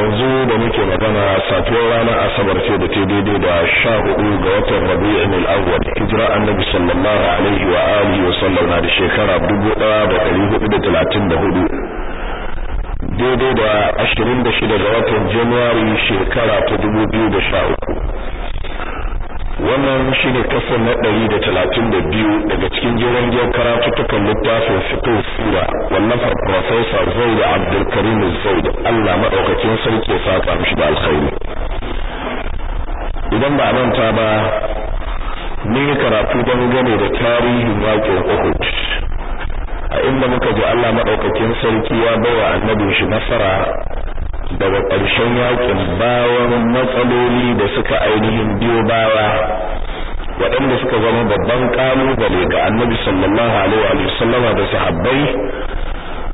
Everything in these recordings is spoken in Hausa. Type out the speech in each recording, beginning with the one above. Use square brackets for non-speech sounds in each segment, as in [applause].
yanzu da muke magana safiyar ranar asabar ce da ta daidai da sha hudu ga watan rabi'in al-awwal hijira annabi sallallahu alaihi wa alihi wa sallam na da shekara dubu daya da dari hudu da talatin da hudu daidai da ashirin da shida ga watan januwari shekara ta dubu biyu da sha uku wannan shi ne kasa na ɗari da talatin da biyu daga cikin jiran jiyar karatuttukan littafin fito sura da profesa zaid zai da Allah maɗaukacin sarki ya saka mishi da alkhairi idan ba manta ba ni karatu don gane da tarihin waƙin Uhud a inda muka ji Allah maɗaukacin sarki ya bawa annabin shi nasara daga ƙarshen yakin bawan matsaloli da suka ainihin biyo bawa waɗanda suka zama babban ƙalubale ga annabi sallallahu alaihi wa sallama da sahabbai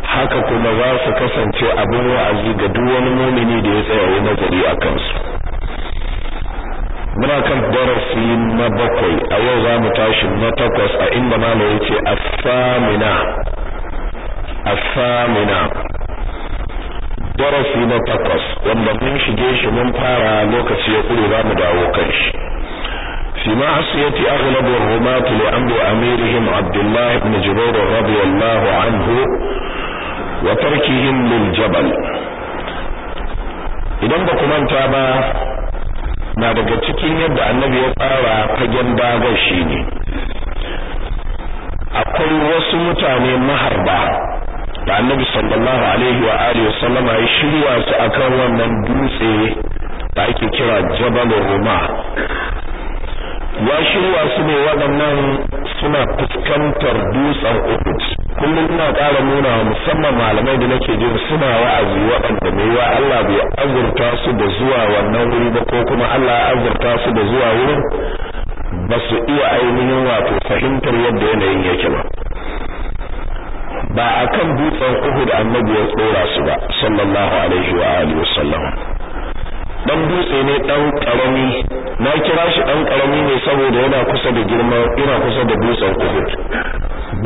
haka kuma za su kasance abin wa'azi ga duk wani mumini da ya tsaya nazari a kansu muna kan darasi na bakwai a yau za mu tashi na takwas a inda malam yace a samina samina darasi na takwas wanda mun shige shi mun fara lokaci ya kure za mu dawo kan shi في معصية أغلب الرماة لأمر أميرهم عبد الله بن جبير رضي الله عنه وتركهم للجبل idan ba ku manta ba na daga cikin yadda annabi ya tsara fagen dagar shi ne akwai wasu mutane maharba da annabi sallallahu alaihi wa alihi wasallama ya shirya su akan wannan dutse da ake kira jabal ruma ya shirya su ne waɗannan suna fuskantar dutsen uhud kullum ina ƙara nuna wa musamman malamai da nake jin suna wa'azi waɗanda mai wa Allah bai azurta su da zuwa wannan wuri ba ko kuma Allah ya azurta su da zuwa wurin ba su iya ainihin wato fahimtar yadda yanayin yake ba ba a kan dutsen Uhud annabi ya tsora su ba sallallahu alaihi wa alihi wasallam dan dutse ne dan karami na kira shi dan karami ne saboda yana kusa da girma yana kusa da dutsen Uhud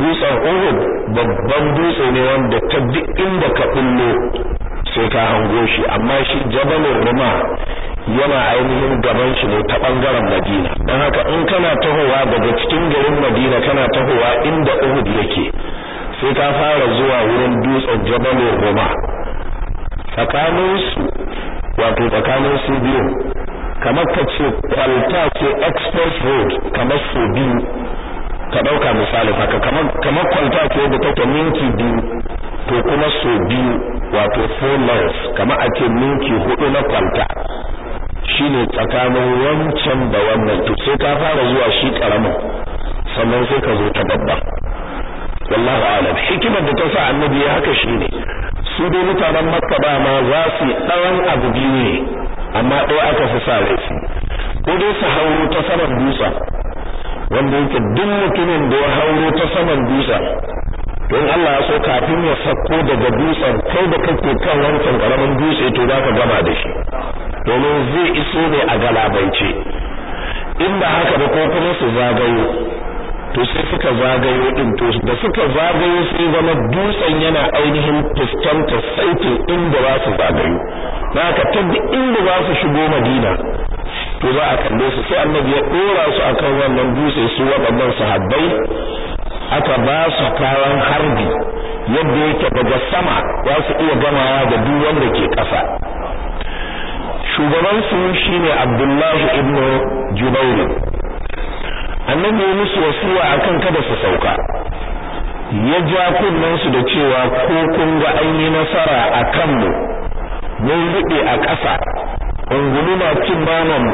dutsen Uhud babban dutse ne wanda ta duk inda ka bullo sai ka hango shi amma shi jabalin Ruma yana ainihin gaban shi ne ta bangaren Madina dan haka in kana tahowa daga cikin garin Madina kana tahowa inda Uhud yake sai ta fara zuwa wurin dutsen jabalin roma su wato tsakanin su biyu kamar ka ce kwalta ce express road kamar su biyu ka ɗauka misali haka kamar kwalta ce da take minti biyu to kuma su biyu wato four miles kamar a ce minti hudu na kwalta ne tsakanin wancan da wannan to sai ka fara zuwa shi karamin sannan sai ka zo ta babba wallahu alam hikimar da ta sa annabi ya haka shi ne su dai mutanen makka ba ma za su ɗawan abu biyu ne amma ɗaya aka fi sa laifi. ko dai su hauro ta saman dutsa wanda yake duk mutumin da ya hauro ta saman dusa don Allah ya so kafin ya sako daga dutsen kai da kake kan wancan karamin dutse to za ka gama da shi domin zai iso ne a galabance in haka ba ko kuma su zagayo to sai suka zagayo din to da suka zagayo sai zama dutsen yana ainihin fuskanta saitin inda za su zagayo na ka tabbi inda za su shigo madina to za a kalle su sai annabi ya dora su akan wannan dutse su waɗannan sahabbai aka ba su kayan harbi yadda yake daga sama za su iya gamawa da duk wanda ke ƙasa shugabansu shine abdullahi ibnu jubair annabi ya musu wasuwa akan kada su sauka ya ja kunnen su da cewa ko kun ga an yi nasara akan mu. mun rubi a ƙasa ungulu na cin mu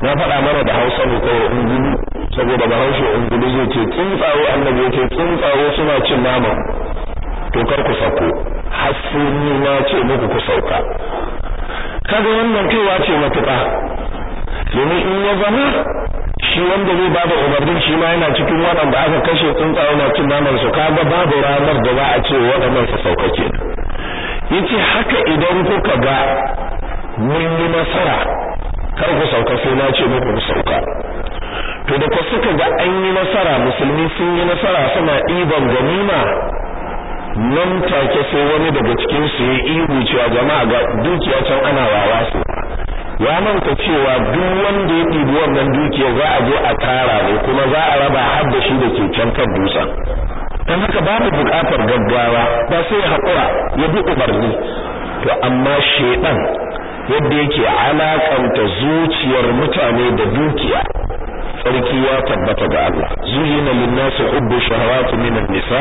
na faɗa mana da hausa ne kawai ungulu saboda Hausa ungulu zai ce tsuntsaye annabi ya ce tsuntsaye suna cin naman to kar ku sako har ni na ce muku ku sauka kaga wannan kaiwa ce matuƙa domin in ya zama shi wanda zai bada umarnin shi ma yana cikin da aka kashe tsuntsaye na cin naman su kaga babu ranar da za a ce waɗannan su sauka kenan yace haka idan kuka ga mun yi nasara kar ku sauka sai na ce muku ku sauka to da ku suka ga an yi nasara musulmi sun yi nasara suna ɗiban ganima nan take sai wani daga cikin su ya ihu cewa jama'a ga dukiya can ana wawa su ya manta cewa duk wanda ya ɗibi wannan dukiyar za a zo a tara ne kuma za a raba har da shi da ke can kan dutsen don haka babu buƙatar gaggawa ba sai ya haƙura ya bi umarni to amma shedan yadda yake alaƙanta zuciyar mutane da dukiya sarki ya tabbata ga Allah zuyina lin-nasi hubbu shahawati minan nisa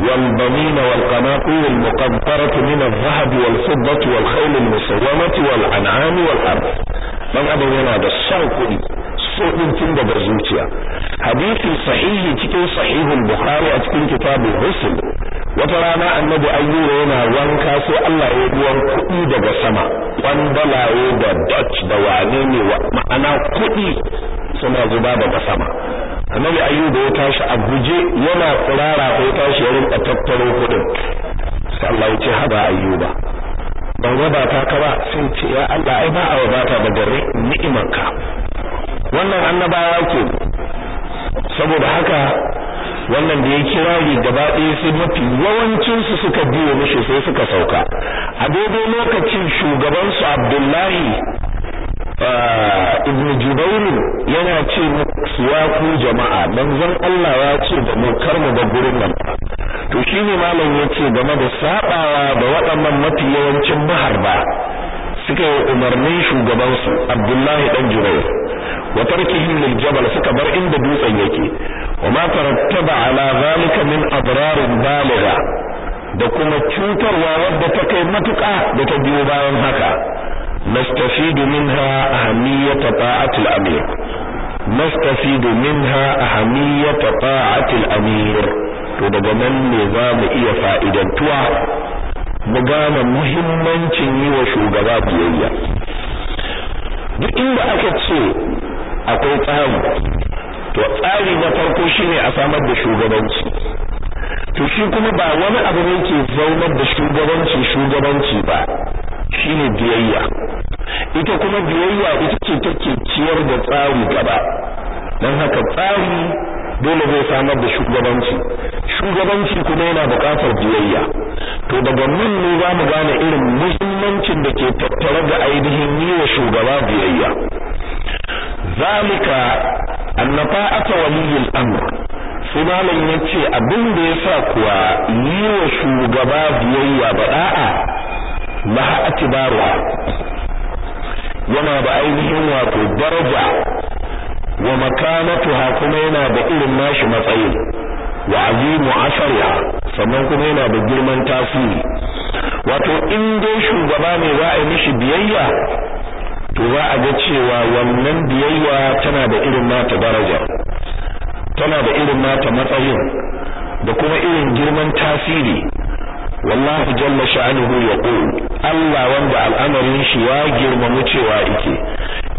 والبنين والقناقير المقنطرة من الذهب والفضة والخيل المسومة والأنعام والأرض من أبو ينادى الشوكي سؤال تند برزوتيا حديث صحيح تكون صحيح البخاري أتكون كتاب الرسل وترانا النبي أيوه ينا وانكا سي الله يدوان كؤي دقا سما وان بلا يدا دوتش دوانيني ومعنا كؤي سما زبابة سما annabi ayyuba ya tashi a guje yana tsirara ko ya tashi ya rinka tattaro kudin. sai Allah ya ce haba ayyuba ban raba ta ka ba sai ce ya Allah ai ba a wadata da gare ni'imarka wannan annabawa ke saboda haka wannan da ya kirari gaba ɗaya sai mafi su suka biyo mishi sai suka sauka a daidai lokacin shugabansu abdullahi Ah, ibn jubairu yana ce musu ya ku jama'a manzon Allah ya ce da mu mu ga gurin nan to shine malam yace game da sabawa da waɗannan mafi yawancin maharba suka yi umarnin su Abdullahi dan Jubair wa tarkihi lil jabal suka bar inda dutsen yake wa ma tarattaba ala zalika min adrar baliga da kuma cutarwa wadda ta kai matuƙa da ta biyo bayan haka nastafidu minha ahamiyata ta'atul amir nastafidu minha ahamiyata ta'atul amir to daga nan ne za mu iya fa'idantuwa mu gane muhimmancin yi wa shugaba biyayya duk inda aka ce akwai tsari to tsari na farko shine a samar da shugabanci to shi kuma ba wani abu ne ke zaunar da shugabanci shugabanci ba shine biyayya ita kuma biyayya ita ce take ciyar da tsari gaba don haka tsari dole zai samar da shugabanci shugabanci kuma yana buƙatar biyayya to daga nan ne za mu gane irin muhimmancin da ke tattare da ainihin yi wa shugaba biyayya zalika aka waliyin amr sai malam ce abin da ya sa kuwa yi wa shugaba biyayya ba a'a laha atibaruha yana da ainihin wato daraja wa makamatuha kuma yana da irin nashi matsayi wa azimu sannan kuma yana da girman tasiri wato in dai shugaba ne za a yi mishi biyayya to za a ga cewa wannan biyayya tana da irin nata daraja tana da irin nata matsayin da kuma irin girman tasiri والله جل شأنه يقول الله وندع الأمر ينشي واجر ممتش وائكي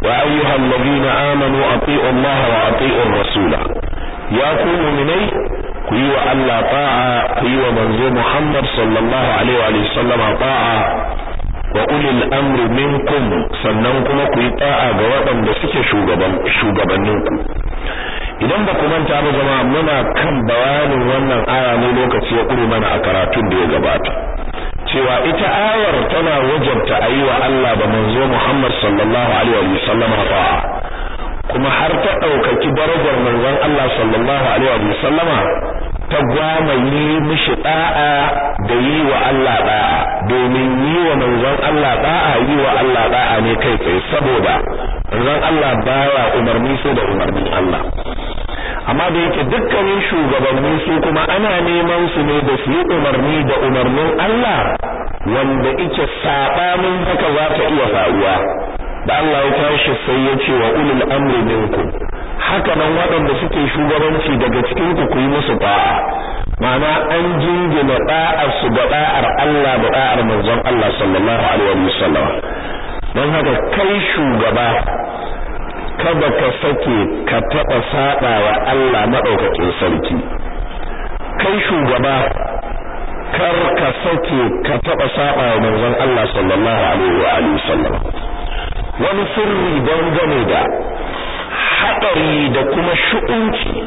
وأيها الذين آمنوا أطيعوا الله وأطيعوا الرسول يا كونوا مني كيوا ألا طاعة كيوا منذ محمد صلى الله عليه وآله وسلم طاعة وقل الأمر منكم سننكم كي طاعة جوابا بسك شوغبا شوغبا نوكم idan ba ku manta ba zama muna kan bayanin wannan aya ne lokaci ya kure mana a karatun da ya gabata cewa ita ayar tana wajabta a yi wa Allah da manzo Muhammad sallallahu alaihi wa sallam ta'a kuma har ta ɗaukaki darajar manzon Allah sallallahu alaihi wa sallama ta gwamaye mishi da'a da yi wa Allah da'a domin yi wa manzon Allah da'a yi wa Allah da'a ne kai tsaye saboda manzon Allah baya umarni sai da umarnin Allah amma da yake dukkanin shugabanni su kuma ana neman su ne da su yi umarni da umarnin Allah wanda yake sabanin haka za ta iya faruwa da Allah ya tashi sai ya ce wa ulul amri minkum haka nan waɗanda suke shugabanci daga cikin ku yi musu ba'a ma'ana an jingina da'ar su ga ɗa'ar Allah da ɗa'ar manzon Allah sallallahu alaihi wasallam don haka kai shugaba kada ka sake ka taɓa saɓa wa Allah maɗaukakin sarki kai shugaba kar ka sake ka taɓa saɓa wa manzon Allah sallallahu alaihi wa sallam, wasallam wani sirri dangane da haɗari da kuma shu'unci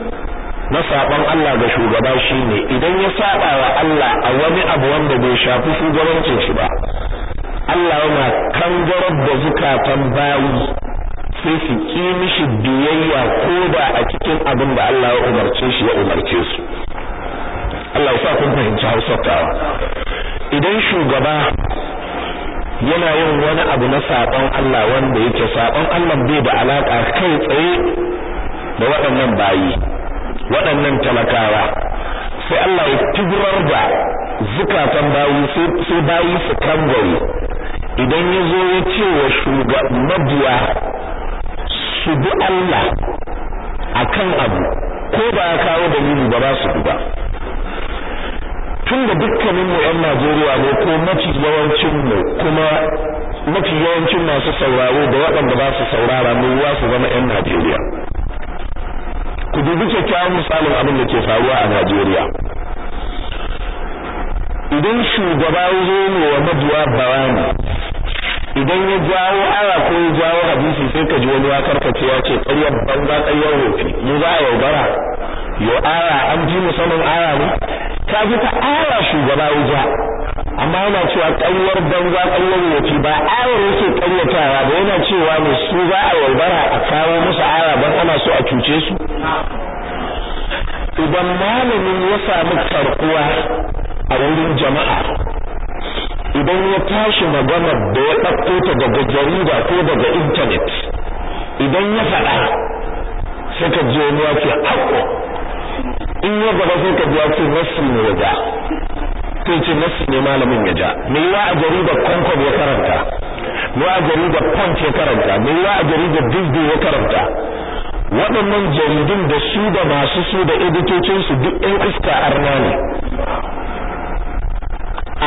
na saɓon Allah ga shugaba shi ne idan ya saɓa wa Allah a wani abu wanda bai shafi shugabancin shi ba Allah yana kangarar da zukatan bayi sai su ki mishi biyayya ko da a cikin abin da Allah ya umarce shi ya umarce su Allah ya sa kun fahimci Hausa ta idan shugaba yana yin wani abu na saɓon Allah wanda yake saɓon Allah bai da alaƙa kai tsaye da waɗannan bayi waɗannan talakawa sai Allah ya tuburar da zukatan bayi sai bayi su kangare idan ya zo ya ce wa shugabadiya su bi Allah a kan abu ko ba ya kawo dalili ba ba su bi ba tun da dukkanin mu yan Najeriya ne ko mafi yawancin mu kuma mafi yawancin masu sauraro da waɗanda ba su saurara mu ruwa su zama yan Najeriya ku dubi kyakkyawan misalin abin da ke faruwa a Najeriya idan shugaba ya zo ne wa mabiya bayani idan ya jawo ara ko ya jawo hadisi sai ka ji wani ya karkace ya ce ƙaryar banza ƙaryar hofi mu za a yaudara Yau ara an ji mu sanin ara ne ta fi ta aya shugaba ya ja amma yana cewa ƙaryar banza ƙaryar yaci ba ayar yake ƙaryatawa ba yana cewa ne su za a walbara a kawo musu aya ban ana so a cuce su idan malamin ya samu karkuwa a wurin jama'a idan ya tashi maganar da ya ɗauko ta daga jarida ko daga intanet idan ya faɗa sai ka je ya ce haƙo in ya gaba zai ka biya ce nassi ne ya ja sun ce nassi ne malamin ya ja me yiwa a jaridar concord ya karanta me a jaridar punch ya karanta me yiwa a jaridar disney ya karanta waɗannan jaridun da su da masu su da editocinsu duk ɗan iska arna ne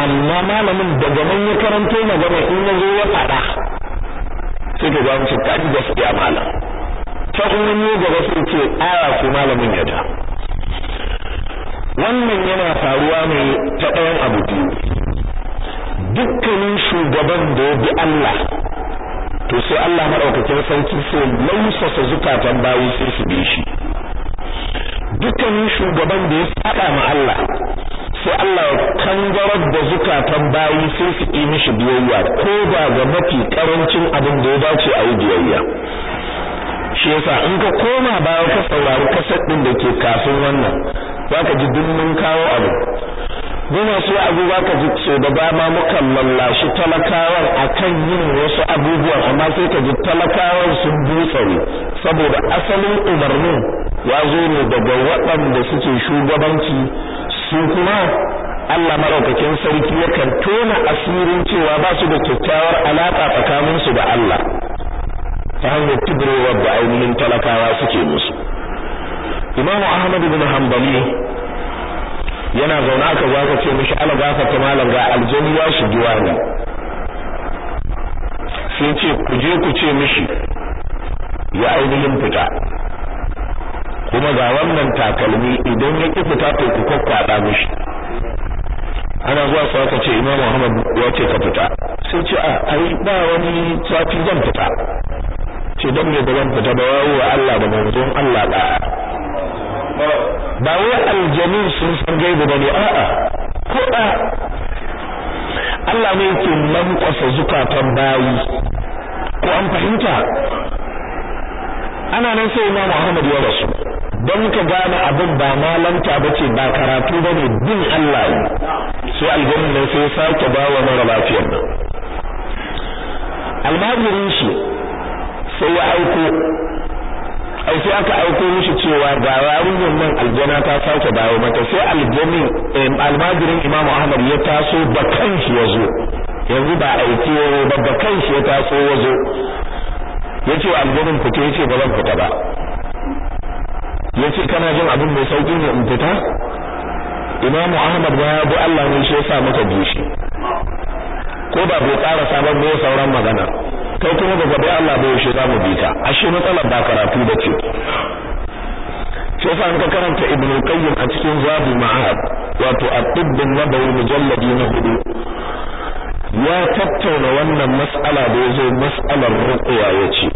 amma malamin daga nan ya karanto magana in ya zo ya faɗa sai ka gwamnati ta ji gaskiya malam ta kuma ne gaba sun ce aya ko malamin ya ja wannan yana faruwa ne ta ɗayan abu biyu dukkanin shugaban da ya bi Allah to sai Allah madaukakin sarki sai lausasa zukatan bayi sai su bi shi dukkanin shugaban da ya saba ma Allah sai Allah ya kangarar da zukatan bayi sai su yi mishi biyayya ko da ga mafi karancin abin da ya dace a yi biyayya shi yasa in ka koma bayan ka saurari kasar ɗin da ke kafin wannan za ka ji duk mun kawo abu mu masu abu za ka ji so da dama mukan lallashi talakawan kan yin wasu abubuwan amma sai ka ji talakawan sun busare, saboda asalin umarnin ya zo ne daga waɗanda suke shugabanci su kuma Allah maɗaukakin sarki yakan tona asirin cewa ba su da kyakkyawar alaƙa tsakaninsu da Allah ta hanyar tibirewar da ainihin talakawa suke musu imamu ahmad ibn hanbali yana zaune aka zo aka ce mishi ala ta malam ga aljani ya shigi wani sai ce ku je ku ce mishi ya ainihin fita kuma ga wannan takalmi idan ya ki fita to ku kwakwada mishi ana zuwa su aka ce imamu ahmad ya ce ka fita sai ce a ah, ai ba wani sati zan fita ce don me ba zan fita ba wa Allah da manzon Allah ba ba wai aljanu sun san gaibu ba ne a'a ko da Allah ne yake lankwasa zukatan bayi ko an fahimta ana nan sai Imam Ahmad ya rasu don ka gane abin ba malanta bace ba karatu bane din Allah ne sai aljanu ne sai sake bawa mara lafiyar nan almajirin shi sai ya aiko ai sai aka aiko mishi cewa ga yarinyar nan aljana ta sake dawo mata sai aljani almajirin imamu ahmad ya taso da kanshi ya zo yanzu ba aiki yayi ba da kanshi ya taso ya zo ya ce wa aljanin fito ya ce ba zan fita ba ya ce kana jin abin mai sauƙi ne in fita imamu ahmad ba ya bi allah ne shi ya sa maka bishi ko ba bai ƙara sabon ne sauran magana kai kuma ba Allah ba yaushe za mu bi ta ashe matsalar ba karatu ba ce sai fa ka karanta ibnu qayyim a cikin zabi ma'ad wato at-tibb an-nabawi mujalladi na hudu ya tattauna wannan mas'ala da yazo mas'alar ruqya yace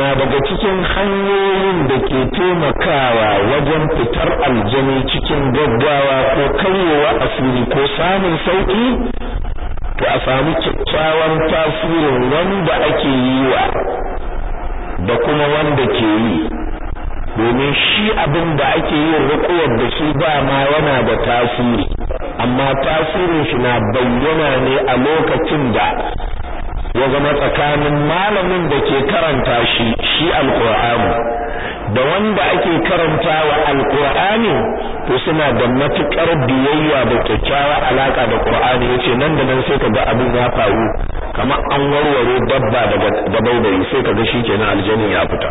na daga cikin hanyoyin da ke taimakawa wajen fitar aljani cikin gaggawa ko kaiwa asiri ko samun sauki to a samu kyakkyawan tasirin wanda ake yi wa da kuma wanda ke yi domin shi abin da ake yin rukuwar da shi ba ma yana da tasiri amma tasirin shi na bayyana ne a lokacin da ya zama tsakanin malamin da ke karanta shi shi alkur'ani da wanda ake karanta wa alkur'ani to suna da matuƙar biyayya da kyakkyawa alaƙa da ya ce nan da nan sai ka ga abin ya faru kamar an warware dabba daga dabaibayi sai ka ga shi shikenan aljani ya fita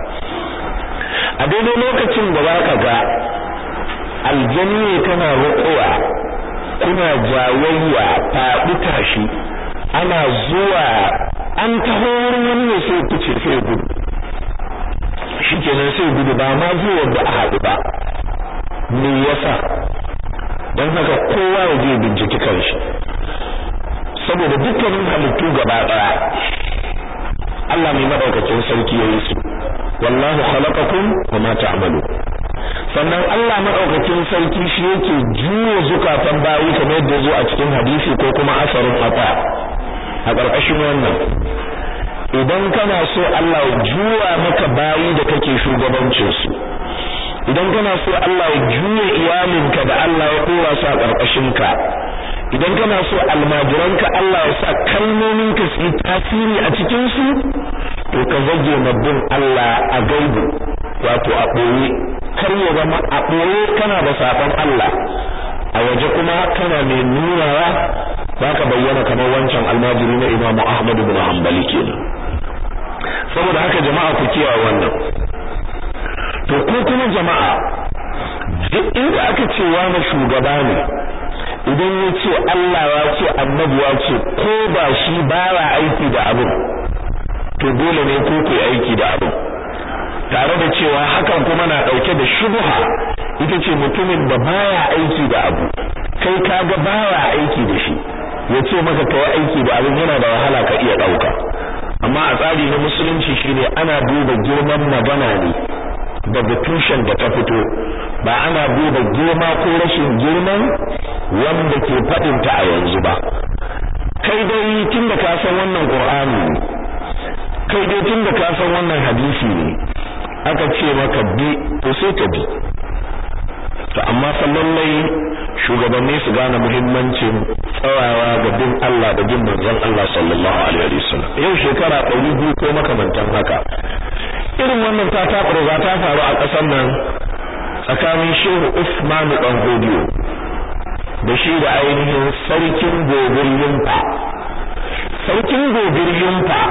a daidai lokacin da ka ga aljanni kana rukowa kuna jawayya faɗi tashi ana zuwa an taho wurin wani ne sai ku ce sai gudu shikenan sai gudu ba ma zuwa da a haɗu ba me yasa don haka kowa ya je binciki kanshi saboda dukkanin halittu gaba daya Allah mai madaukakin sarki ya yi su wallahu khalaqakum wa ma ta'malun sannan Allah madaukakin sarki shi yake juya zukatan bayi kamar yadda zo a cikin hadisi ko kuma asarin aqa a ƙarƙashin wannan idan kana so Allah ya juya maka bayi da kake shugabancin su idan kana so Allah ya juya iyalinka da Allah ya dora su a ƙarƙashin ka idan kana so almajiranka Allah ya sa ka su yi tasiri a cikin su to ka zage mabbin Allah a gaibu wato a ɓoye kar ya zama a ɓoye kana da saƙon Allah a waje kuma kana mai nunawa za ka bayyana kamar wancan almajiri na imamu Ahmadu ibn hanbali kenan saboda haka jama'a ku kiyaye wannan to ko kuma jama'a duk inda aka ce na shugaba ne idan ya ce Allah ya ce annabi ya ce ko ba shi ba aiki da abin to dole ne ko ku aiki da abin tare da cewa hakan kuma na dauke da shubha ita ce mutumin da baya aiki da abu kai ga baya aiki da shi ya ce maka kai aiki da abin yana da wahala ka iya dauka amma a tsari na musulunci shine ana duba girman magana ne daga tushen da ta fito ba ana duba girma ko rashin girman wanda ke faɗin a yanzu ba kai dai tunda ka san wannan qur'ani kai dai tunda ka san wannan hadisi ne aka ce maka bi to sai ka bi to amma fa mai shugabanni su gane muhimmancin tsawawa ga bin Allah da bin manzon Allah sallallahu alaihi wasallam yau shekara 200 ko makamantan haka irin wannan ta ta ta faru a ƙasar nan tsakanin Shehu Usman dan Godiyo da shi da ainihin sarkin gobir sarkin gobir yumfa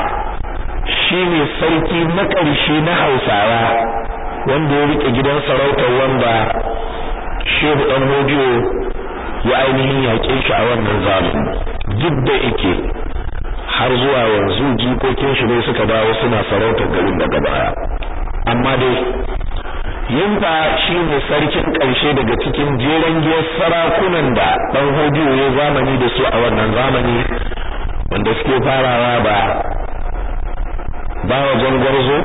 shi ne sarki na ƙarshe na hausawa wanda ya rike gidan sarautar wanda shehu ɗan hodiyo ya ainihin yaƙe shi a wannan zamani duk da ike har zuwa yanzu jikokin shi ne suka dawo suna sarautar garin daga baya amma dai yinta shi ne sarkin ƙarshe daga cikin jeren giyar sarakunan da ɗan hodiyo ya zamani da su a wannan zamani wanda suke farawa ba ba wajen garzo,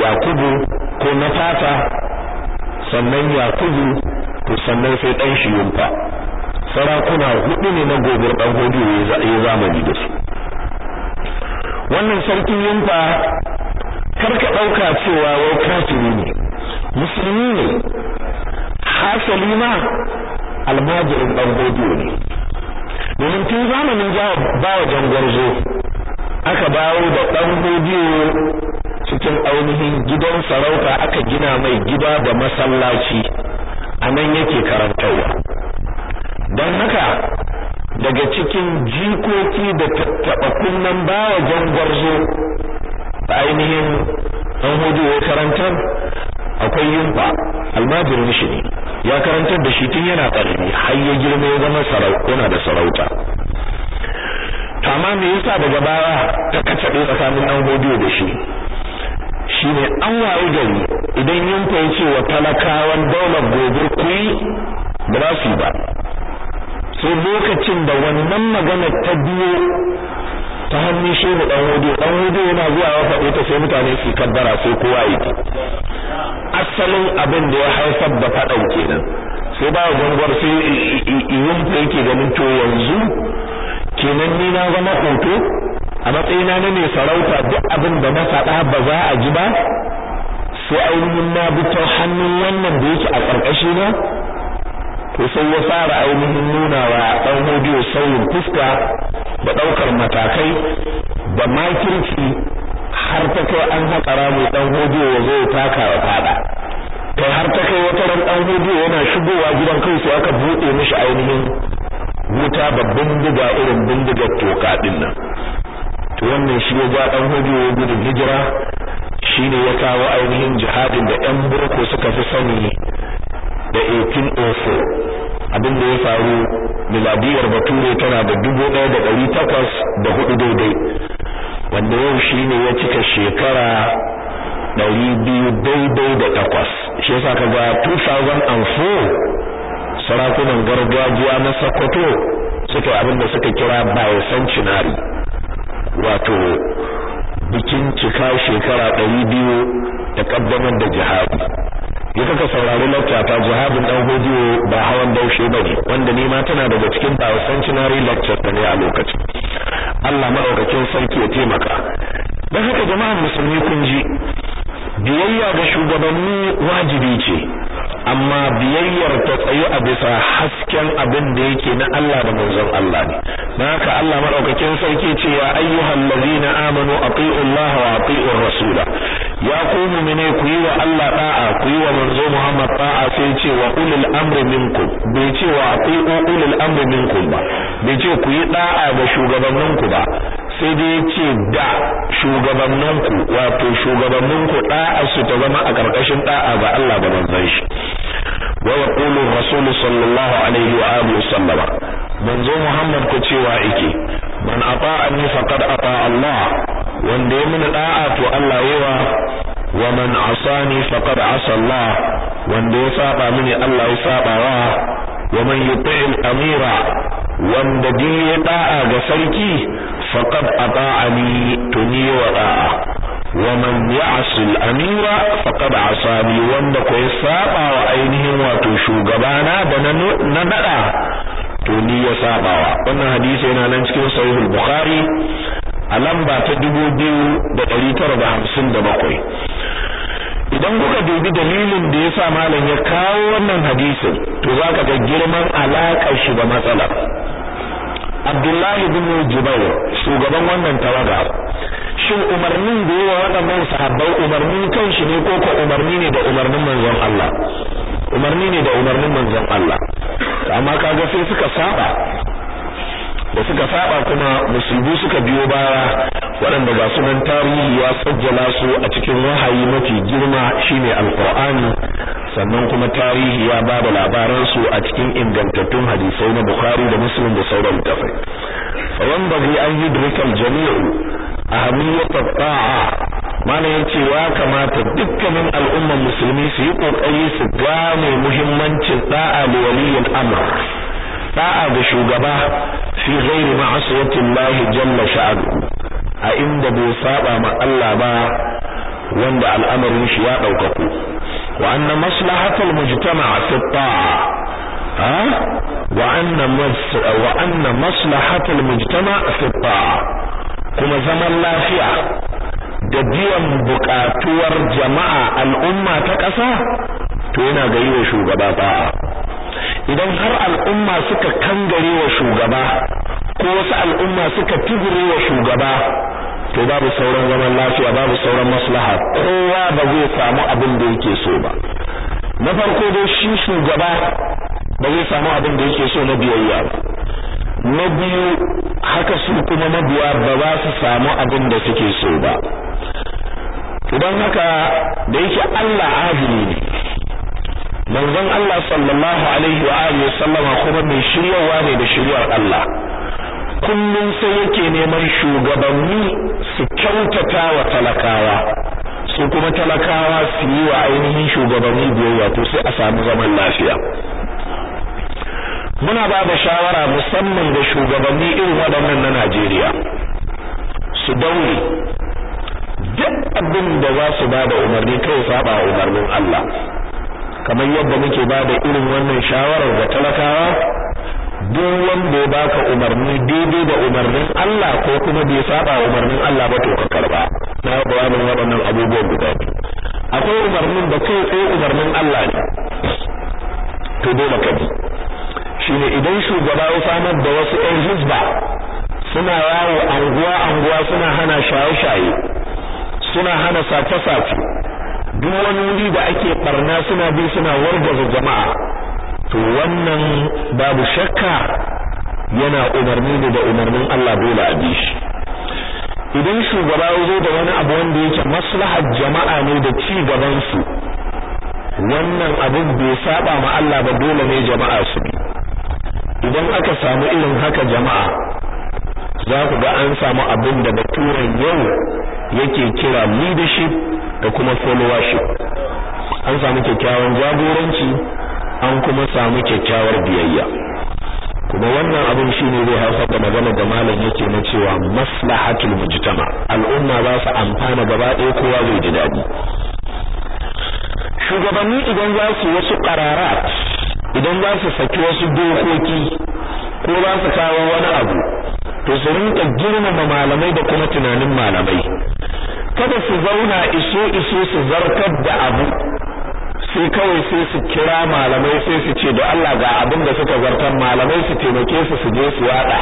yakubu ko na fata sannan yakubu to sannan sai dan shi yumfa sarakuna hudu ne na gobir dan hudu ya zamani da su wannan sarkin yumfa karka dauka cewa wai kafiri ne musulmi ne hasali ma almajirin dan hudu ne domin tun zamanin wajen gwarzo aka bawo da ɗan hudiyo cikin ainihin gidan sarauta aka gina mai gida da masallaci a nan yake karantarwa don haka daga cikin jikoki da tattaɓa kunnen bawa jangwarzo da ainihin ɗan hudiyo ya karantar akwai yunfa almajirin shi ne ya karantar da shi tun yana ƙarfi har ya girma ya zama sarauta yana da sarauta amma me yasa daga baya ta kace tsakanin nan godiya da shi shine an waye gari idan yunfa ya ce wa talakawan daular gobe ku yi ba za su ba sai lokacin da wannan magana ta biyo ta hannun da dan hudu dan hudu yana zuwa ya faɗe ta sai mutane su kaddara sai kowa yi asalin abin da ya haifar da faɗan kenan sai ba gwangwar sai yunfa yake ganin to yanzu kenan ni na zama hoto a matsayina na ne sarauta duk abin da na faɗa ba za a ji ba sai ainihin na bi ta hannun wannan da yake a ƙarƙashi na to sai ya fara ainihin nuna wa ɗan hodiyo sauyin fuska da ɗaukar matakai da makirci har ta kai an haƙa ramu ɗan hodiyo ya zo ya taka wa faɗa kai har ta kai wata ran ɗan hodiyo yana shigowa gidan kai sai aka buɗe mishi ainihin wuta babban diga irin bindigar toka din nan to wannan shi ya dan hudu ya gudun hijira shine ya kawo ainihin jihadin da yan burko suka fi sani da 1804 abin da ya faru miladiyar bature tana da dubu ɗaya da ɗari takwas da hudu daidai wanda yau shi ne ya cika shekara ɗari biyu daidai da takwas shi yasa kaga 2004 sarakunan gargajiya na Sokoto suka abinda suka kira bayan sancinari wato bikin cika shekara 200 da ƙaddamar da jihadi ya kaka saurari lakcata jihadin dan hodiyo ba hawan daushe ba ne wanda ni ma tana daga cikin bayan sancinari lecture ta ne a lokacin Allah madaukakin sarki ya taimaka don haka jama'ar musulmi kun ji biyayya ga shugabanni wajibi ce amma biyayyar ta tsayu a bisa hasken abin da yake na Allah da manzon Allah ne Na haka Allah madaukakin sarki ce ya ayyuhal ladina amanu atiu Allah wa atiu rasula ya ku mu'mine ku yi wa Allah da'a ku yi wa manzo Muhammad da'a sai ce wa ulil amri minkum bai ce wa atiu ulil amri minkum ba bai ce ku yi da'a ga shugabanninku ba sai dai ce da shugabanninku wato shugabanninku da'a su ta zama a ƙarƙashin da'a ga Allah da manzon shi wa yaqulu rasulu sallallahu alaihi wa alihi sallama manzo Muhammad ku cewa yake man ni faqad ata'a Allah wanda ya mini da'a to Allah yawa wa man asani faqad asa Allah wanda ya saba mini Allah ya saba wa wa man yuti'il amira wanda duk ya da'a ga sarki faqad ata'ani tuni wa da'a wa man ya'si al wanda ko ya saba wa ainihin wato shugabana da na na dada to ni ya wannan hadisi yana nan cikin sahih al-bukhari a lamba ta 2957 idan kuka dubi dalilin da ya sa malam ya kawo wannan hadisin to zaka ga girman alaƙar shi da matsalar Abdullahi bin Jubair shugaban wannan tawaga shin umarnin da yawa waɗannan sahabbai umarnin kan shi ne ko ko umarni ne da umarnin manzon Allah umarni ne da umarnin manzon Allah amma kaga sai suka saba da suka saba kuma musulmi suka biyo baya waɗanda ga nan tarihi ya sajjala su a cikin wahayi mafi girma shine alqur'ani sannan kuma tarihi ya bada labaran labaransu a cikin ingantattun hadisai na bukhari da muslim da sauran littafai fayan bagi an yi drikal jami'u ahamiyyat ta'a mana yace ya kamata dukkanin al'ummar musulmi su yi kokari su gane muhimmancin da'a da waliyin amr da'a ga shugaba fi ghairi ma'asiyatillahi jalla sha'anu a inda bai saba ma Allah ba wanda al'amarin shi ya ɗaukaku وأن مصلحة المجتمع في الطاعة ها؟ وأن, مس... وأن مصلحة المجتمع في الطاعة كما زمن لا فيها جديم بكاتور جماعة الأمة تكسى تونا غير شوغبا طاعة إذا هر الأمة سكة كان غير كوس الأمة سكة تغير شوغبا to babu sauran zaman lafiya babu sauran maslaha kowa ba zai samu abin da yake so ba na farko dai shi shugaba ba zai samu abin da yake so na biyayya ba na biyu haka su kuma mabiya ba za su samu abin da suke so ba idan haka da yake Allah adili ne manzon Allah sallallahu alaihi wa alihi sallama kuma mai shiryawa ne da shiryar Allah kullum sai yake neman shugabanni su kyautata wa talakawa su kuma talakawa su yi wa ainihin shugabanni biyayya to sai a samu zaman lafiya muna ba da shawara musamman ga shugabanni irin waɗannan na Najeriya su daure duk abin da za su ba da umarni kai saba umarnin Allah kamar yadda muke ba da irin wannan shawarar ga talakawa duk wanda ya baka umarni daidai da umarnin Allah ko kuma bai saba umarnin Allah ba to ka karba na bayanin wannan abubuwan guda akwai umarnin da kai ko umarnin Allah ne to dole ka bi shine idan shugaba ya samar da wasu ɗan hizba suna yawo anguwa anguwa suna hana shaye-shaye suna hana sace-sace duk wani wuri da ake barna suna bi suna wargaza jama'a to wannan babu shakka yana umarni ne da umarnin Allah dole a shi idan shugaba ya zo da wani abu wanda yake maslahar jama'a ne da ci gaban su wannan abin bai saba ma Allah ba dole ne jama'a su bi idan aka samu irin haka jama'a za ku ga an samu abin da baturen yau yake kira leadership da kuma followership an samu kyakkyawan jagoranci an kuma samu kyakkyawar biyayya kuma wannan abin ne zai haifar da magana da malam yake na cewa maslahatul mujtama al'umma za su amfana gaba ɗaya kowa zai ji daɗi shugabanni idan za su wasu ƙarara idan za su saki wasu dokoki ko za su kawo wani abu to su rinka girmama malamai da kuma tunanin malamai kada su zauna iso iso su zartar da abu sai kawai sai su kira malamai sai su ce da Allah ga abin da suka zartar malamai su taimake su su je su yada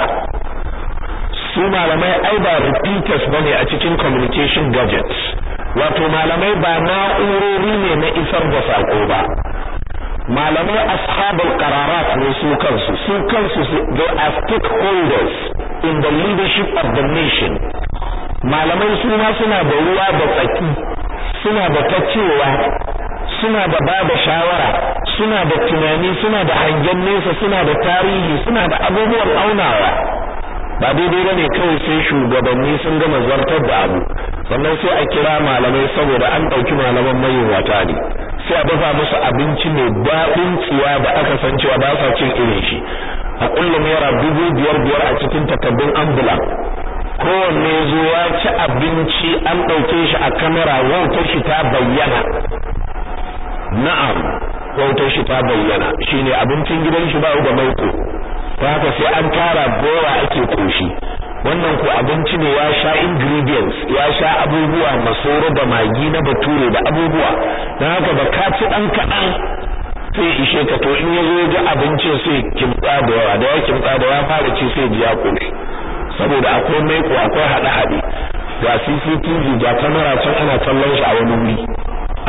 su malamai ai ba repeaters bane a cikin communication gadgets wato malamai ba na'urori ne na isar da sako ba malamai ashabul qararat ne su kansu su kansu they are stakeholders in the leadership of the nation malamai su ma suna da ruwa da tsaki suna da ta suna da ba shawara suna da tunani suna da hangen nesa suna da tarihi suna da abubuwan aunawa ba daidai ba ne kawai sai shugabanni sun gama zartar da abu sannan sai a kira malamai saboda an ɗauki malaman mayin wata ne sai a dafa musu abinci mai daɗin tsiya da aka san cewa ba sa cin irin shi a kullum naira dubu biyar biyar a cikin takardun ambulan kowanne zuwa ci abinci an ɗauke shi a kamera wautar shi ta bayyana na'am wautar shi ta bayyana shine abincin gidan shi ba da maiko ta haka sai an tara bora ake koshi wannan ku abinci ne ya sha ingredients ya sha abubuwa masoro da magi na bature da abubuwa don haka da ka ci dan kaɗan sai ishe ka to in ya zo ga abinci sai kimtsa da yawa da ya kimtsa da ya fara ci sai biya koshi saboda akwai maiko akwai haɗe-haɗe ga CCTV ga kamera can ana kallon shi a wani wuri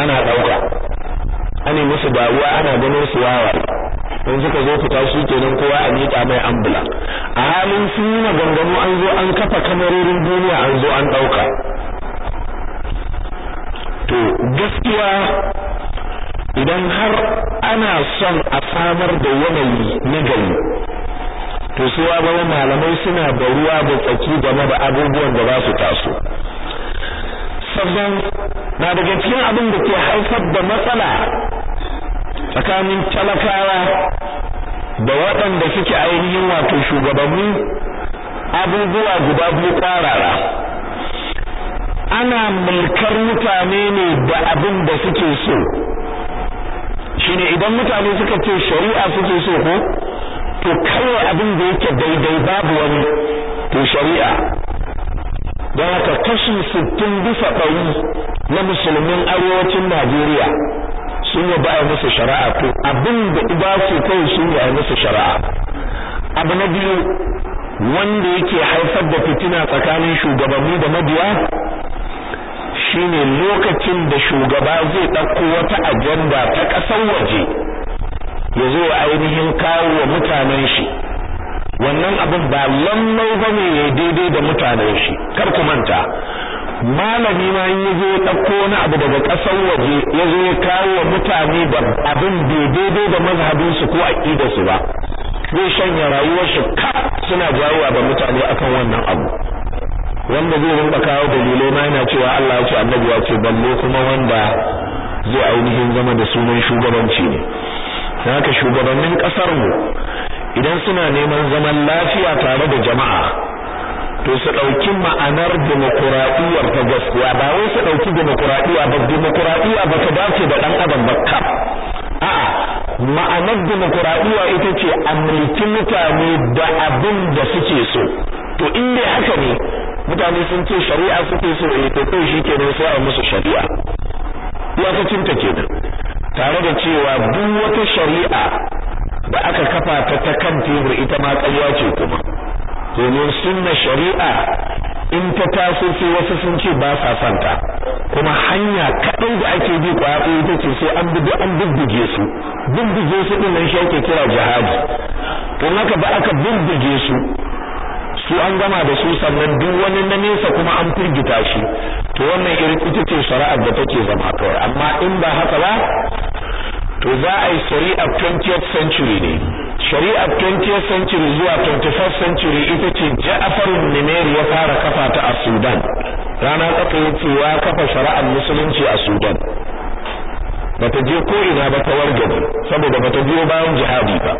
ana ɗauka Ani musu dawuwa ana ganin su wawa in suka zo fita shi kenan kowa a miƙa mai ambula a halin sun yi an zo an kafa kamarorin duniya an zo an ɗauka to gaskiya idan har ana son a samar da yanayi na gari to su zama malamai suna da ruwa da tsaki game da abubuwan da za su taso sannan na daga cikin abin da ke haifar da matsala tsakanin talakawa da waɗanda suke ainihin wato shugabanni abubuwa guda biyu ƙwarara ana mulkar mutane ne da abin da suke so shine idan mutane suka ce shari'a suke so ko to kawai abin da yake daidai babu wani to shari'a da haka kashi sittin bisa ɗari na musulmin arewacin najeriya sun yi a musu shari'a ko abin da ba su kai su yi musu shari'a abu na biyu wanda yake haifar da fitina tsakanin shugabanni da mabiya shine lokacin da shugaba zai ɗauko wata ajanda ta ƙasar waje ya zo ainihin kawo wa mutanen shi wannan abin ba lallai ba ne ya daidai da mutane shi kar ku manta malami ma in yazo ya dauko wani abu daga kasar waje yazo ya kawo wa mutane da abin bai daidai da mazhabin su ko aqidar su ba zai shanya rayuwar shi ka suna jawowa da mutane akan wannan abu wanda zai rinka kawo dalilai ma yana cewa Allah ya ce annabi ya ce balle kuma wanda zai ainihin zama da sunan shugabanci ne haka shugabannin kasar mu idan suna neman zaman lafiya tare da jama'a to su ɗauki ma'anar demokuraɗiyyar ta gaskiya ba wai su ɗauki demokuraɗiyya ba demokuraɗiyya ba ta dace da ɗan adam ba kam a'a ma'anar demokuraɗiyya ita ce a mutane da abin da suke so to in dai haka ne mutane sun ce shari'a suke so eh to kai shi kenan sai a musu shari'a iyakacin ta kenan tare da cewa duk wata shari'a da aka kafa ta ta kan tebur ita ma ƙarya ce kuma domin sunna shari'a in ta taso sai wasu sun ce ba sa son ta kuma hanya kaɗai da ake bi kwaya ɗaya ita ce sai an bi an su bubbuge su ɗin nan shi kira jihadi to haka ba aka bubbuge su su an gama da su sannan duk wani na nesa kuma an firgita shi to wannan irin ita ce shari'ar da take zama kawai amma in ba haka ba to za a yi shari'ar 20th century ne shari'ar 20th century zuwa 21st century ita ce Ja'far Nimeri ya fara kafa ta a Sudan rana ya ce ya kafa shari'ar musulunci a Sudan bata je ko ina ba ta wargaje saboda bata biyo bayan jihadi ba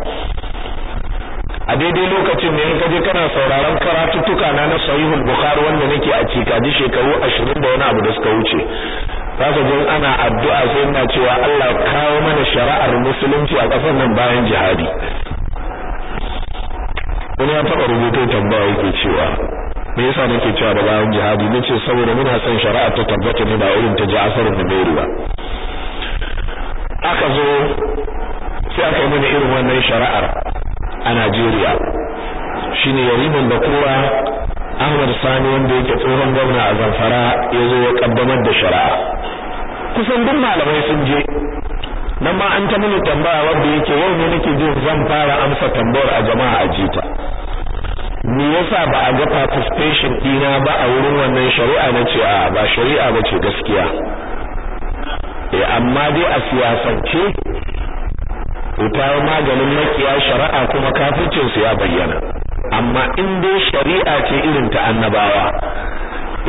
a daidai lokacin ne ka kaje kana sauraron karatuttuka na na sahihul bukhari wanda nake a cikaji shekaru ashirin da wani abu da suka wuce zaka jin ana addu'a sai na cewa Allah kawo mana shari'ar musulunci a kasar nan bayan jihadi wani ya taɓa rubuto tambaya yake cewa me yasa nake cewa da bayan jihadi nace saboda muna son shari'a ta tabbata ne da irin ta Ja'far da Bairu ba aka zo sai aka yi mana irin wannan shari'ar a Najeriya shine yariman da kowa ahmad sani wanda yake tsohon gwamna a zamfara ya zo ya kaddamar da shari'a kusan duk malamai sun je nan ma an ta mini tambaya wanda yake yau ne nake jin zan fara amsa tambayar a jama'a a jita me yasa ba a ga participation dina ba a wurin wannan shari'a na ce a ba shari'a ba ce gaskiya eh amma dai a siyasance wuta maganin makiya shari'a kuma kafircin su ya bayyana amma in dai shari'a ce irin ta annabawa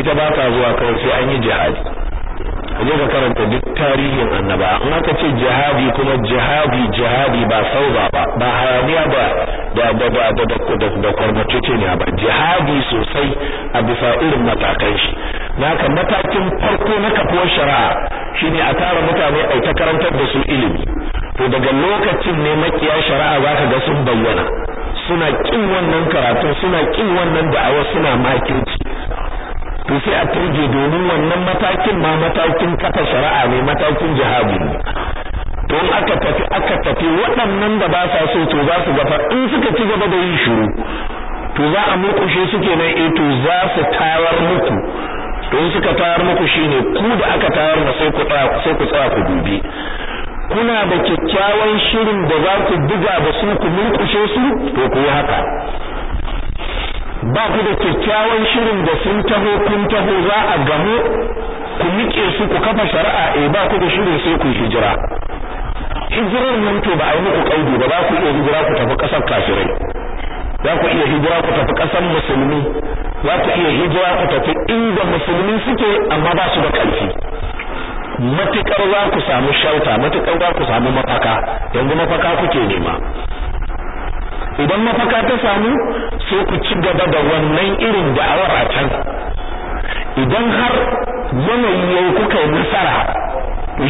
ita ba ta zuwa kawai sai an yi jihadi je ka karanta duk tarihin annaba in aka ce jihadi kuma jihadi jihadi ba sau ba ba hayaniya ba da da da da da da kwarmace ne ba jihadi sosai a bisa irin matakan shi naka matakin farko na kafuwar shari'a shine a tara mutane a ta karantar da su ilimi to daga lokacin ne makiya shari'a zaka ga sun bayyana suna kin wannan karatu suna kin wannan da'awa suna makirci to sai a turge domin wannan matakin ma matakin kafa shari'a ne matakin jihadi ne to in aka tafi aka tafi waɗannan da ba sa so to za su gafa in suka ci gaba da yin shiru to za a murƙushe su kenan eh to za su tayar muku to in suka tayar muku shine ku da aka tayar na sai sai ku tsaya ku dubi kuna da kyakkyawan shirin da za ku buga da su ku mulkushe su to ku yi haka ba ku da kyakkyawan shirin da sun taho kun taho za a gamu ku nike su ku kafa shari'a e ba ku da shirin sai ku hijira hijirar nan to ba a yi muku kaidi ba za ku iya hijira ku tafi kasar kafirai za ku iya hijira ku tafi kasar musulmi za ku iya hijira ku tafi inda musulmi suke amma ba su da ƙarfi matukar za ku samu shauta matukar za ku samu mafaka yanzu mafaka kuke nema idan mafaka ta samu so ku ci gaba da wannan irin da'awar a can idan har yanayi yau kuka yi nasara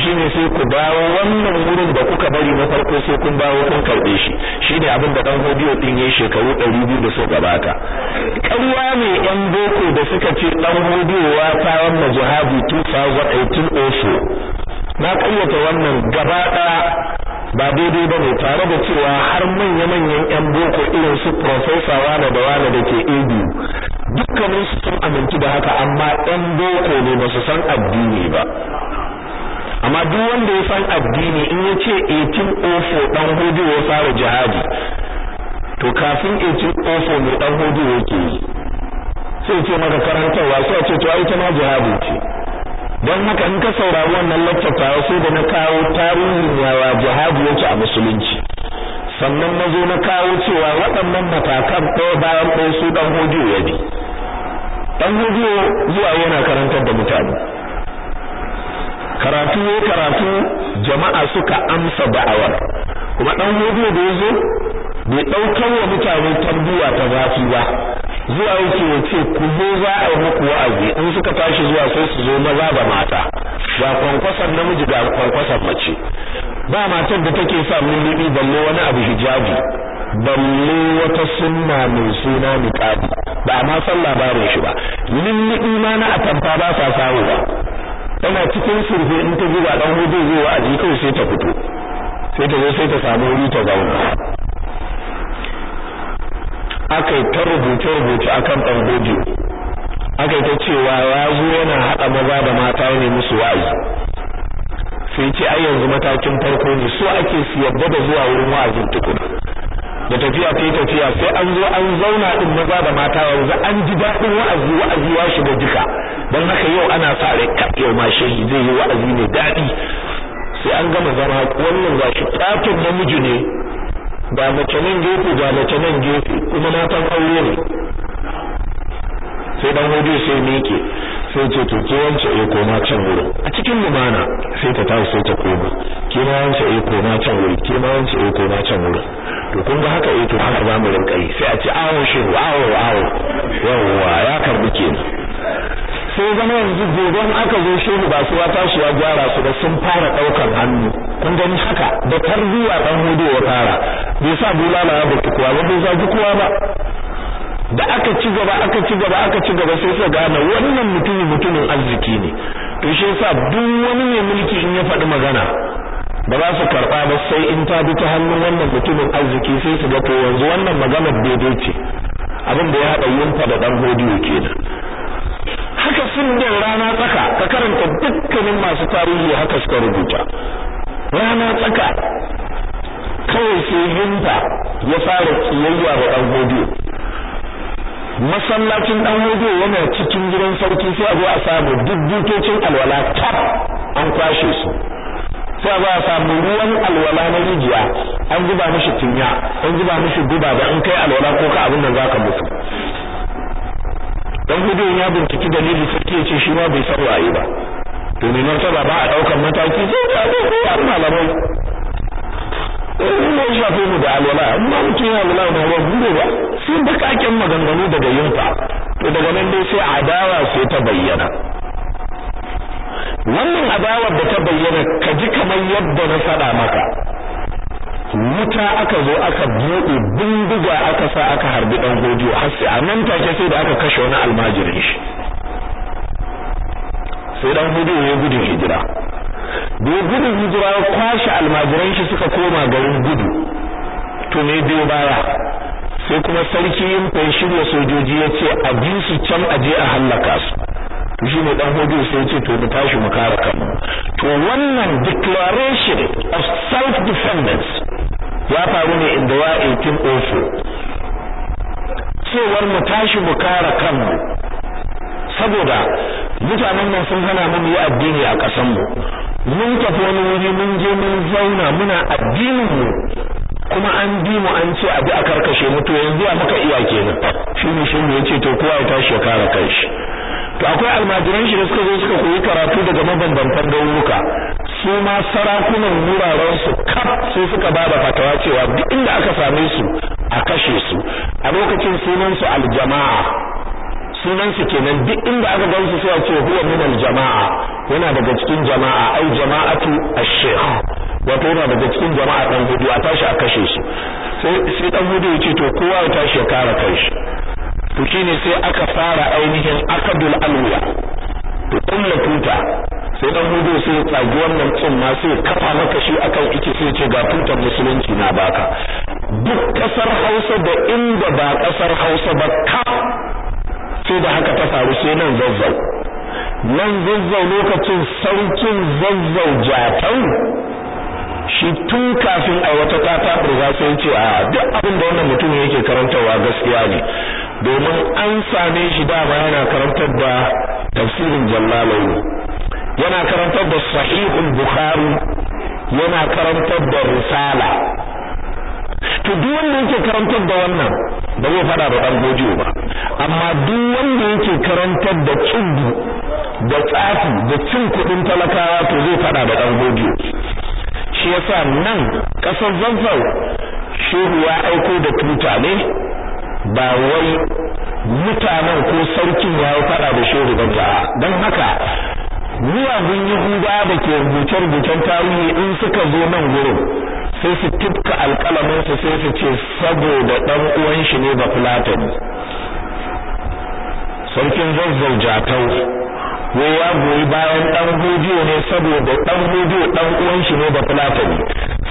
shi ne sai ku dawo wannan wurin da kuka bari na farko sai kun dawo kun karbe shi shine abin da dan hodiyo din yayi shekaru 200 da so gabata ƙarwa ne yan boko da suka ce dan hodiyo wa faran majhabi 2018 na kayyata wannan gaba daya ba daidai ba ne tare da cewa har manya-manyan 'yan boko irin su profesa wane da wane da ke edu dukkanin su sun aminci da haka amma 'yan boko ne ba su san addini ba amma duk wanda ya san addini in ya ce 1804 dan hudu ya fara jihadi to kafin 1804 mai dan hudu ya ke yi sai ce maka karantarwa sai ce to ai ta ma jihadi ce don haka in ka saurari wannan lattafawa sai da na kawo tarihin yawa jihadi yake a musulunci sannan na zo na kawo cewa waɗannan matakan ɗaya bayan ɗaya su ɗan hudu ya bi ɗan hudu zuwa yana karantar da mutane karatu ya karatu jama'a suka amsa da'awar kuma dan hudu da yazo bai daukar wa mutane tarbiyya ta zafi ba zuwa yake ya ce ku zo za a yi muku wa'azi in suka tashi zuwa sai su zo maza da mata ga kwankwasar namiji ga kwankwasar mace ba matar da take sa lullubi balle wani abu hijabi balle wata sunna mai suna niqabi ba ma san labarin shi ba lullubi ma na atamfa ba sa samu ba tana cikin surfe in ta zuba dan hudu zai wa'azi kawai sai ta fito sai ta zo sai ta samu wuri ta zauna akai ta rubuce rubuce akan dan gojo akai ta cewa ya zo yana hada maza da mata ne musu wa'azi sai ce ai yanzu matakin farko ne su ake su yadda da zuwa wurin wa'azin tukuna da tafiya sai tafiya sai an zo an zauna din maza da mata yanzu an ji daɗin wa'azi wa'azi wa shiga duka dan haka yau ana sa rai yau ma shehi zai yi wa'azi ne daɗi sai an gama zama wannan gashi ƙaton namiji ne ba mace nan gefe ba mace nan gefe kuma matan aure ne sai dan hudu sai ke. sai ce to ke wance eh koma can wuri a cikin lumana sai ta tashi sai ta koma ke ma wance eh koma can wuri ke ma wance eh koma can wuri to kun ga haka eh to haka za mu rinka yi sai a ce awo shi awo awo yawwa ya karbi kenan sai zama yanzu gogon aka zo shi ba su wata shi ya gyara su da sun fara daukar hannu kun gani haka da tarbiya dan hudu ya fara bai sa bulala ya bata kuwa ba bai zagi kuwa ba da aka ci gaba aka ci gaba aka ci gaba sai sa gane wannan mutumi mutumin arziki ne to shi yasa duk wani mai mulki in ya faɗi magana ba za su karɓa ba sai in ta bi ta hannun wannan mutumin arziki sai su ga to yanzu wannan magana daidai ce abin da ya haɗa yunfa da ɗan hodiyo kenan haka sun da rana tsaka ka karanta dukkanin masu tarihi haka suka rubuta rana tsaka kawai sai yunfa ya fara kiyayya da ɗan hodiyo masallacin dan hudu yana cikin gidan sarki sai a zo a samu duk alwala tab an kwashe su sai a zo a samu ruwan alwala na rijiya an zuba mishi tunya an zuba mishi guba da an kai alwala ko ka abin da zaka mutu dan hudu ya bincike dalili sarki ya ce shi ma bai san waye ba to ne ba a daukar mataki sai ka ga ko malamai. ne ya shafe mu da alwala amma mutum ya alwala ba ba gudu ba sai bakaken maganganu daga yunfa to daga nan dai sai adawa sai ta bayyana wannan adawar da ta bayyana ka ji kamar yadda na faɗa maka wuta aka zo aka buɗe bindiga aka sa aka harbi ɗan gojo har sai a nan take sai da aka kashe wani almajirin shi sai ɗan gojo ya gudu hijira da gudun hijira ya kwashe almajiran shi suka koma garin gudu to me biyo baya sai kuma sarki yin fanshi shirya sojoji ya ce a su can aje a hallaka su to shi ne dan hudu sai ce to mu tashi mu kare kanmu to wannan declaration of self defense ya faru ne in the year ofo oh cewar mu tashi mu kare kanmu saboda mutanen nan sun hana mu yi addini a kasan mu mun tafi wani wuri mun je mun zauna muna addinin mu kuma an bi mu an ce bi a karkashe mu to yanzu ya muka iya kenan shi ne shi ya ce to kowa ya tashi ya kare kanshi to akwai almajiran shi da suka zo suka koyi karatu daga mabambantan garuruka su ma sarakunan wuraren su kaf sai suka ba da fatawa cewa duk inda aka same su a kashe su a lokacin sunan su aljama'a sunansu kenan duk inda aka gansu sai a ce huwa min jamaa yana daga cikin jama'a ai jama'atu ash-shaykh wato yana daga cikin jama'a dan gudu a tashi a kashe shi sai sai dan hudu ya ce to kowa ya tashi ya kare kanshi to shine sai aka fara ainihin akadul alwiya to kullu tuta sai dan hudu sai tsagi wannan tsumma sai kafa maka shi akan ike sai ce ga tutar musulunci na baka duk kasar Hausa da inda ba kasar Hausa ba ka sai da haka ta faru sai nan zazzau nan zazzau lokacin saukin zazzau jatau shi tun kafin a wata tata burga sai ce a duk abin da wannan mutum yake karantawa gaskiya ne domin an same shi dama yana karantar da tafsirin jallalai yana karantar da sahihul bukhari yana karantar da risala to duk wanda yake karantar da wannan ba zai fada da dan ba amma duk wanda yake karantar da tsubu da tsafi da cin kudin talakawa to zai fada da dan shi yasa nan kasar zanzau shehu ya aiko da tuta ne ba wai mutanen ko sarkin ya fada da shehu ba dan haka miyagun yahuda da ke rubuce-rubucen tarihi in suka zo nan gurin sai su tifka alƙalamin sai su ce saboda ɗan uwan shi ne ba fulatani sarkin zazzau jatau wai ya goyi bayan ɗan hudiyo ne saboda ɗan hudiyo ɗan uwan shi ne ba fulatani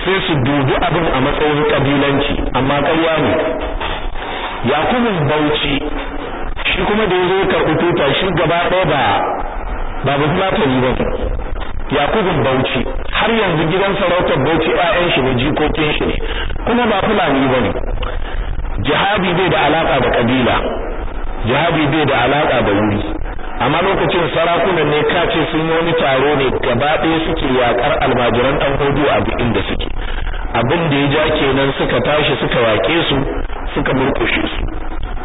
sai su dubi abin a matsayin kabilanci amma ƙarya ne yakubu bauchi shi kuma da ya zo karɓi tuta shi gaba ɗaya ba ba ba fulatani ba yakubun bauchi har yanzu gidan sarautar bauchi 'ya'yan shi ne jikokin shi ne kuma ba fulani bane jihadi bai da alaka da kabila jihadi bai da alaka da wuri amma lokacin sarakunan ne kace sun yi wani taro ne gaba ɗaya suke yakar almajiran dan hudu a duk inda suke abin da ya ja kenan suka tashi suka wake su suka murkushe su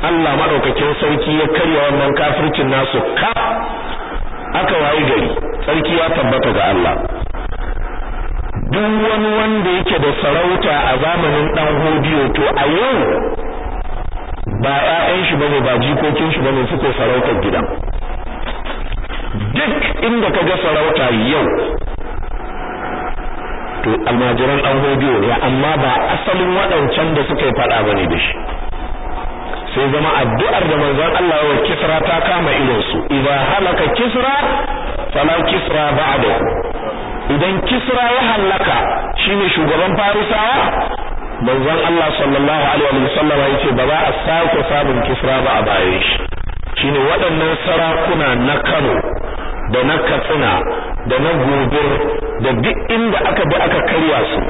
Allah madaukakin sarki ya karya wannan kafircin nasu ka aka wayi gari sarki ya tabbata ga Allah duk wani wanda yake da sarauta a zamanin dan hodiyo to a yau ba ƴaƴan shi bane ba jikokin shi bane suke sarautar gidan duk inda kaga sarauta yau to almajiran dan hodiyo ne amma ba asalin waɗancan da suke fada faɗa bane da shi sai zama addu'ar da manzon Allah wa Kisra ta kama irin su idan halaka Kisra fala Kisra ba'da idan Kisra ya halaka shine shugaban Farisawa manzon Allah sallallahu alaihi wasallam yace ba za a sake samun Kisra ba a baya shi shine waɗannan sarakuna na Kano da na Katsina da na Gobir da duk inda aka bi aka karya su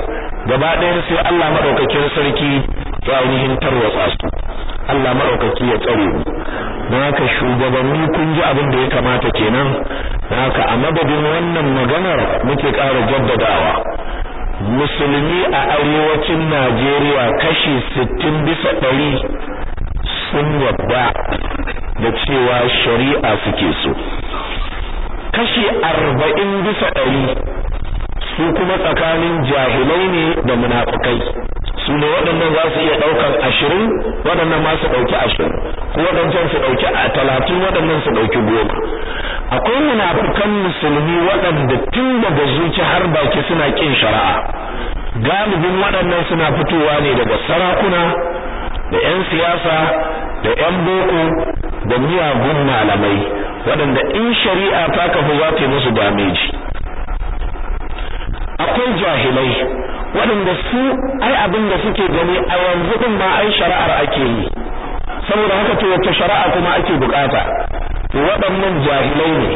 gaba ɗaya sai Allah madaukakin sarki ya ainihin tarwatsa su Allah maraukaki ya tsare mu don haka shugabanni kun ji abin da ya kamata kenan don haka a madadin wannan maganar muke ƙara jaddadawa musulmi a arewacin Najeriya kashi sittin bisa ɗari sun yadda da cewa shari'a suke so kashi arba'in bisa ɗari su kuma tsakanin jahilai ne da munafukai su ne waɗannan za su iya ɗaukar ashirin waɗannan ma su ɗauki ashirin ko waɗancan su ɗauki a talatin waɗannan su ɗauki goma akwai munafukan musulmi waɗanda tun daga zuci har baki suna ƙin shari'a galibin waɗannan suna fitowa ne daga sarakuna da 'yan siyasa da 'yan boko da miyagun malamai waɗanda in shari'a ta kafu za ta yi musu dameji akwai jahilai waɗanda su ai abin da suke gani a yanzu din ba ai shari'ar ake yi saboda haka to wacce shari'a kuma ake bukata to waɗannan jahilai ne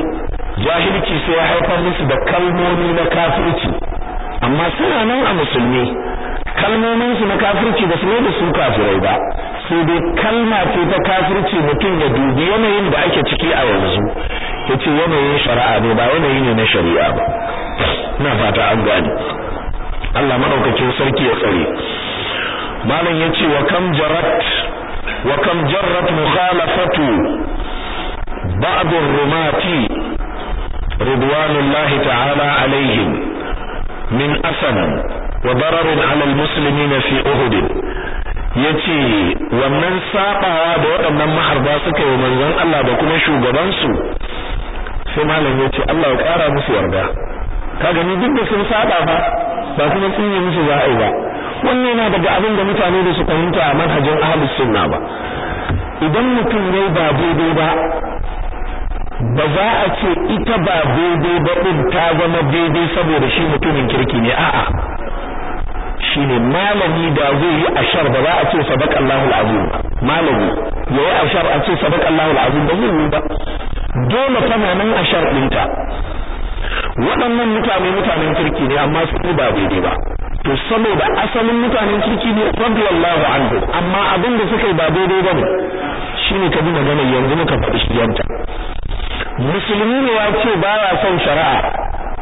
jahilci sai ya haifar musu da kalmomi na kafirci amma suna nan a musulmi kalmomin su na kafirci ba su ne da su kafirai ba sai dai kalma ce ta kafirci mutum ya dubi yanayin da ake ciki a yanzu yace yanayin shari'a ne ba yanayi ne na shari'a ba ina fata an gane Allah madaukakin sarki ya tsare malam yace wa kam jarat wa kam jarrat mukhalafatu ba'd rumati ridwanullahi ta'ala alaihim min asan wa dararin ala al fi uhud yace wannan sabawa da waɗannan maharba suka yi manzon Allah da kuma shugabansu sai malam yace Allah ya ƙara musu yarda ka gani duk da sun saba ba ba kuma sun yi musu za a yi ba wannan yana daga abin da mutane da su fahimta a manhajin ahlus sunna ba idan mutum yayi ba daidai ba ba za a ce ita ba daidai ba din ta zama daidai saboda shi mutumin kirki ne a'a shine malami da zai yi ashar ba za a ce sabak Allahul azim malami yi ashar a ce sabak Allahul ba zai yi ba dole tana nan ashar dinta waɗannan mutane mutanen kirki ne amma su ba daidai ba to saboda asalin mutanen kirki ne radiyallahu anhu amma abin da suka yi ba daidai ba ne shine ka bi magana yanzu muka faɗi yanta. musulmi ne ya ce ba ya son shari'a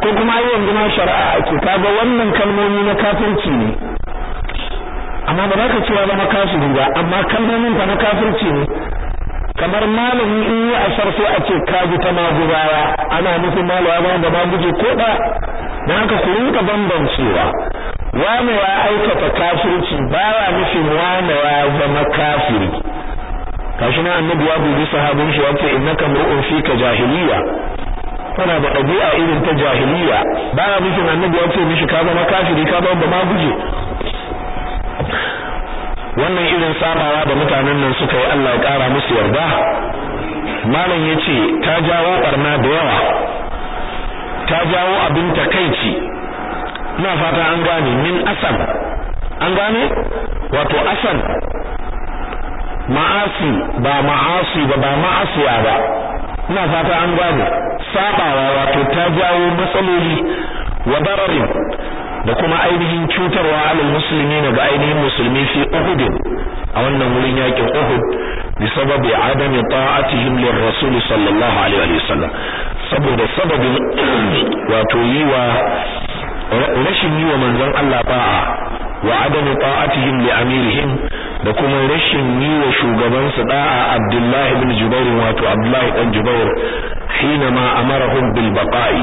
ko kuma ai yanzu ma shari'a ake kaga wannan kalmomi na kafirci ne amma ba za ka cewa zama kafiri ba amma kalmomin fa na kafirci ne kamar malami in yi a sarfe a ce kaji ta magubawa ana malawa ba da ba ko da na haka ku rinka bambancewa wani ya aikata kafirci bawa nufin wani ya zama kafiri kashi na annabi ya dubi sahabin shi yace innaka fi ka jahiliya tana da ɗabi'a irin ta jahiliya baya nufin annabi ya ce mishi ka zama kafiri ka zama ba ma guje wannan irin sabawa da mutanen nan suka yi Allah ya kara musu yarda malam yace ta jawo barna da yawa ta jawo abin takaici ina fata an gane min asan an gane wato asan ma'asi ba ma'asi ba ba ya ba ina fata an gane sabawa wato ta jawo matsaloli wa dararin da kuma ainihin cutarwa alal muslimina ga ainihin musulmi fi Uhud a wannan wurin yakin Uhud bi sababi adami ta'atihim lir rasul sallallahu alaihi wa sallam saboda sababin [clears throat] wato yiwa rashin yiwa manzon Allah ba'a wa adami ta'atihim li amirihim da kuma rashin yi wa shugabansu da'a Abdullah ibn Jubair wato Abdullah ibn Jubair hina ma amarahum bil baqa'i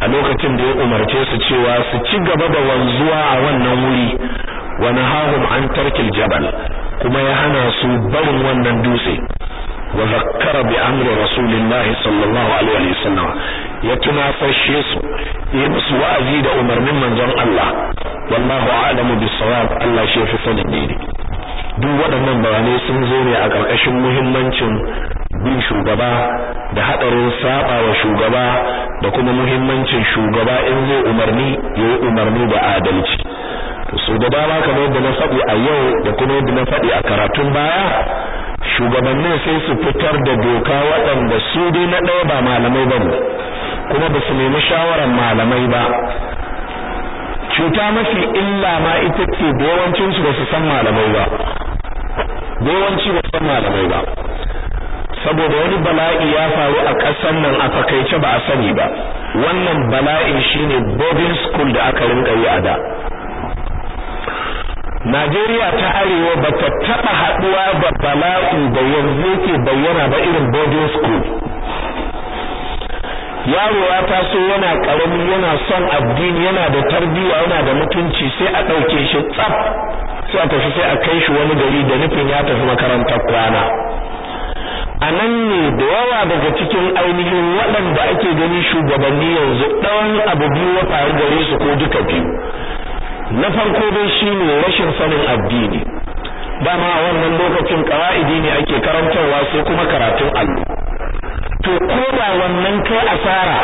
a lokacin da ya umarce su cewa su ci gaba da wanzuwa a wannan wuri wani nahahum an tarkil jabal kuma ya hana su barin wannan dutse wa zakkara bi amri rasulillahi sallallahu alaihi wasallam ya tunafashe su yi musu wa'azi da umarnin manzon Allah wallahu a'lamu bis-sawab Allah shi fi sanin daidai duk waɗannan bayanai sun zo ne a ƙarƙashin muhimmancin bin shugaba da haɗarin saba wa shugaba da kuma muhimmancin shugaba in zai umarni ya yi umarni da adalci su da dama kamar yadda na faɗi a yau da kuma yadda na faɗi a karatun baya shugabannin sai su fitar da doka waɗanda su dai na ɗaya ba malamai ba ne kuma ba su nemi shawarar malamai ba cuta mafi illa ma ita ce da yawancinsu ba su san malamai ba yawanci ba san malamai ba saboda wani bala'i ya faru a ƙasar nan a fakaice ba a sani ba wannan bala'in shine boarding school da aka rinka yi a da Najeriya ta arewa ba ta taɓa haɗuwa da bala'i da yanzu ke bayyana ba irin boarding school yaro ya taso yana karami yana son addini yana da tarbiyya yana da mutunci sai a ɗauke shi tsaf sai a tafi sai a kai shi wani gari da nufin ya tafi makarantar kwana a nan ne da yawa daga cikin ainihin waɗanda ake gani shugabanni yanzu ɗan abu biyu ya faru gare su ko duka biyu na farko dai shine rashin sanin addini dama a wannan lokacin ƙawa'idi ne ake karantarwa sai kuma karatun allo to ko ba wannan kai asara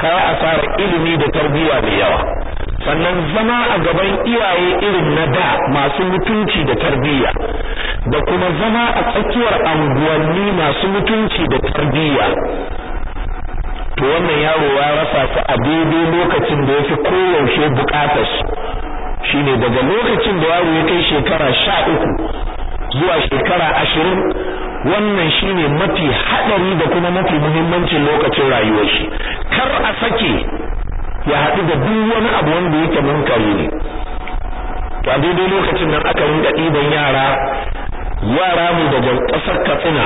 kai asara ilimi da tarbiyya mai yawa sannan zama a gaban iyaye irin na da masu mutunci da tarbiyya da kuma zama a tsakiyar anguwanni masu mutunci da tarbiyya to wannan yaro ya rasa su a daidai lokacin da yafi koyaushe bukatar su shine daga lokacin da yaro ya kai shekara sha uku zuwa shekara ashirin wannan shine mafi haɗari da kuma mafi muhimmancin lokacin rayuwar shi kar a sake ya haɗu da duk wani abu wanda yake munkari ne to a daidai lokacin nan aka rinka ɗiban yara yara mu daga ƙasar katsina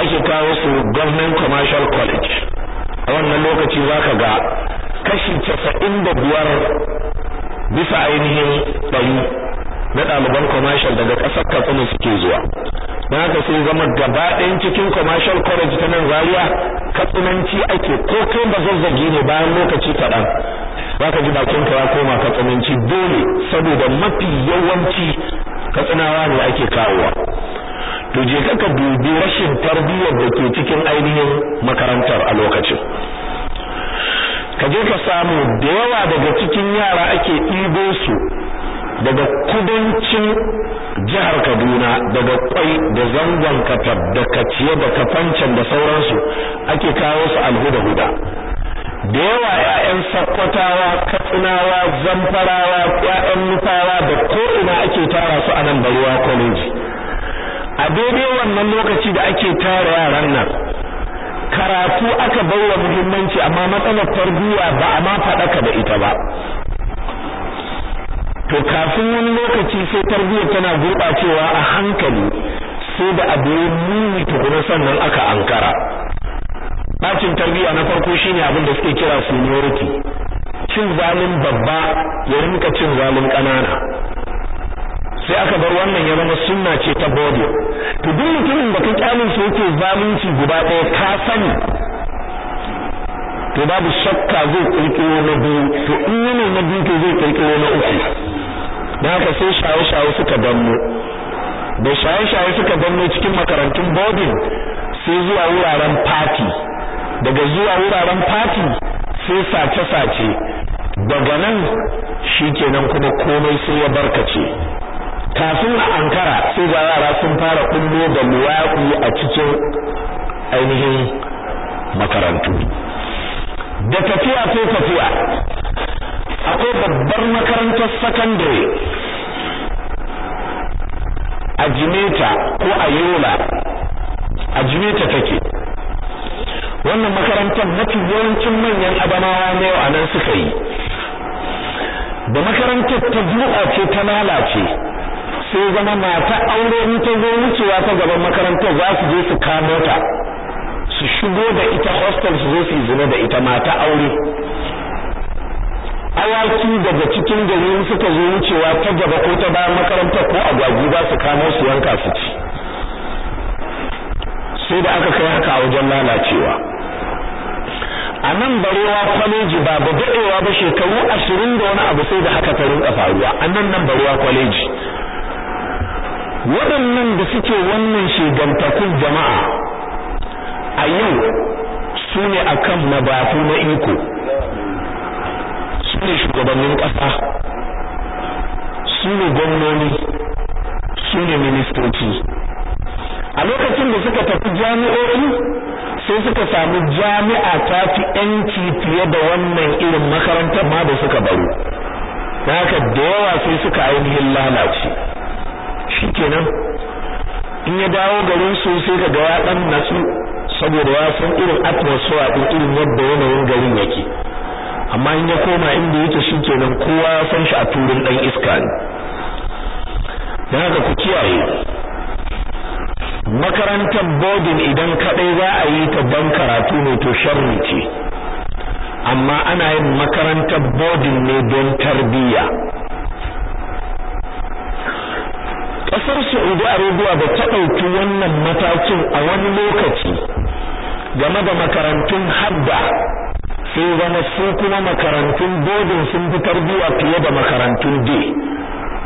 ake kawo su government commercial college a wannan lokaci za ka ga kashi casa'in da biyar bisa ainihin ɗari na ɗaliban commercial daga ƙasar katsina suke zuwa na ka sai zama gaba ɗayan cikin commercial college ta nan zaria katsinanci ake ko kai ba zazzage ne bayan lokaci kaɗan za ka ji bakin ka ya koma katsinanci dole saboda mafi yawanci katsinawa ne ake kawowa to je ka dubi rashin tarbiyyar da ke cikin ainihin makarantar a lokacin ka je ka samu da yawa daga cikin yara ake ɗibo su daga kudancin jihar Kaduna daga kwai da zangon katab da kaciye da kafancan da sauransu ake kawo su alhuda-huda da yawa 'ya'yan sakkwatawa katsinawa zamfarawa ya'yan nufawa da ko'ina ake tara su a nan baruwa kwaleji a daidai wannan lokaci da ake tara yaran nan karatu aka baiwa muhimmanci amma matsalar tarbiyya ba a ma faɗaka da ita ba to kafin wani lokaci sai tarbiyyar tana gurɓacewa a hankali sai da abu ya muni tukuna sannan aka ankara ɓacin tarbiyya na farko shine abin da suke kira seniority cin zalin babba ya rinka cin zalin ƙanana sai aka bar wannan ya zama sunna ce ta bode. to duk mutumin da ka kyalin su yake zalunci guda ɗaya ka sani to babu shakka zai ƙirƙiro na biyu to in yana na biyu to zai ƙirƙiro na uku da haka sai shaye-shaye suka danno da shaye-shaye suka danno cikin makarantun boarding sai zuwa wuraren party daga zuwa wuraren party sai sace-sace daga nan shikenan kuma komai sai ya barkace kafin a ankara sai ga yara sun fara kullo da luwaɗi a cikin ainihin makarantu da tafiya ko tafiya akwai babbar makarantar sakandare a jimeta ko a yola a jimeta take wannan makarantar mafi yawancin manyan adamawa na a nan suka yi da makarantar ta ce ta lalace sai zama mata aure in ta zo wucewa ta gaban makarantar za su je su kamo su shigo da ita hostel su zo su zina da ita mata aure awaki daga cikin gari suka zo wucewa ta gaba ko ta bayan makaranta ko agwagi za su kamo su yanka su ci sai da aka kai haka a wajen lalacewa a nan barewa kwaleji ba ba daɗewa ba shekaru ashirin da wani abu sai da haka ta rinka faruwa a nan nan barewa kwaleji waɗannan da suke wannan shegantakun jama'a a yau su ne a kan mabafu na iko su ne shugabannin ƙasa su ne gwamnoni su ne ministoci a lokacin da suka tafi jami'o'i sai suka samu jami'a ta fi yanci fiye da wannan irin makaranta ma da suka baro haka da yawa sai suka ainihin lalace Shi kenan in ya dawo garin su sai ka ga ya nasu natsu saboda ya san irin atmosphere din irin yadda yanayin garin yake amma in ya koma inda yake shikenan kowa ya san shi a turin dan iska ne dan haka ku kiyaye makarantar boarding idan kadai za a yi ta dan karatu ne to sharri ce amma ana yin makarantar boarding ne don tarbiyya kasar Saudi Arabia ba ta ɗauki wannan matakin a wani lokaci game da makarantun hadda sai zama su kuma makarantun bodin sun fi tarbiyya fiye da makarantun D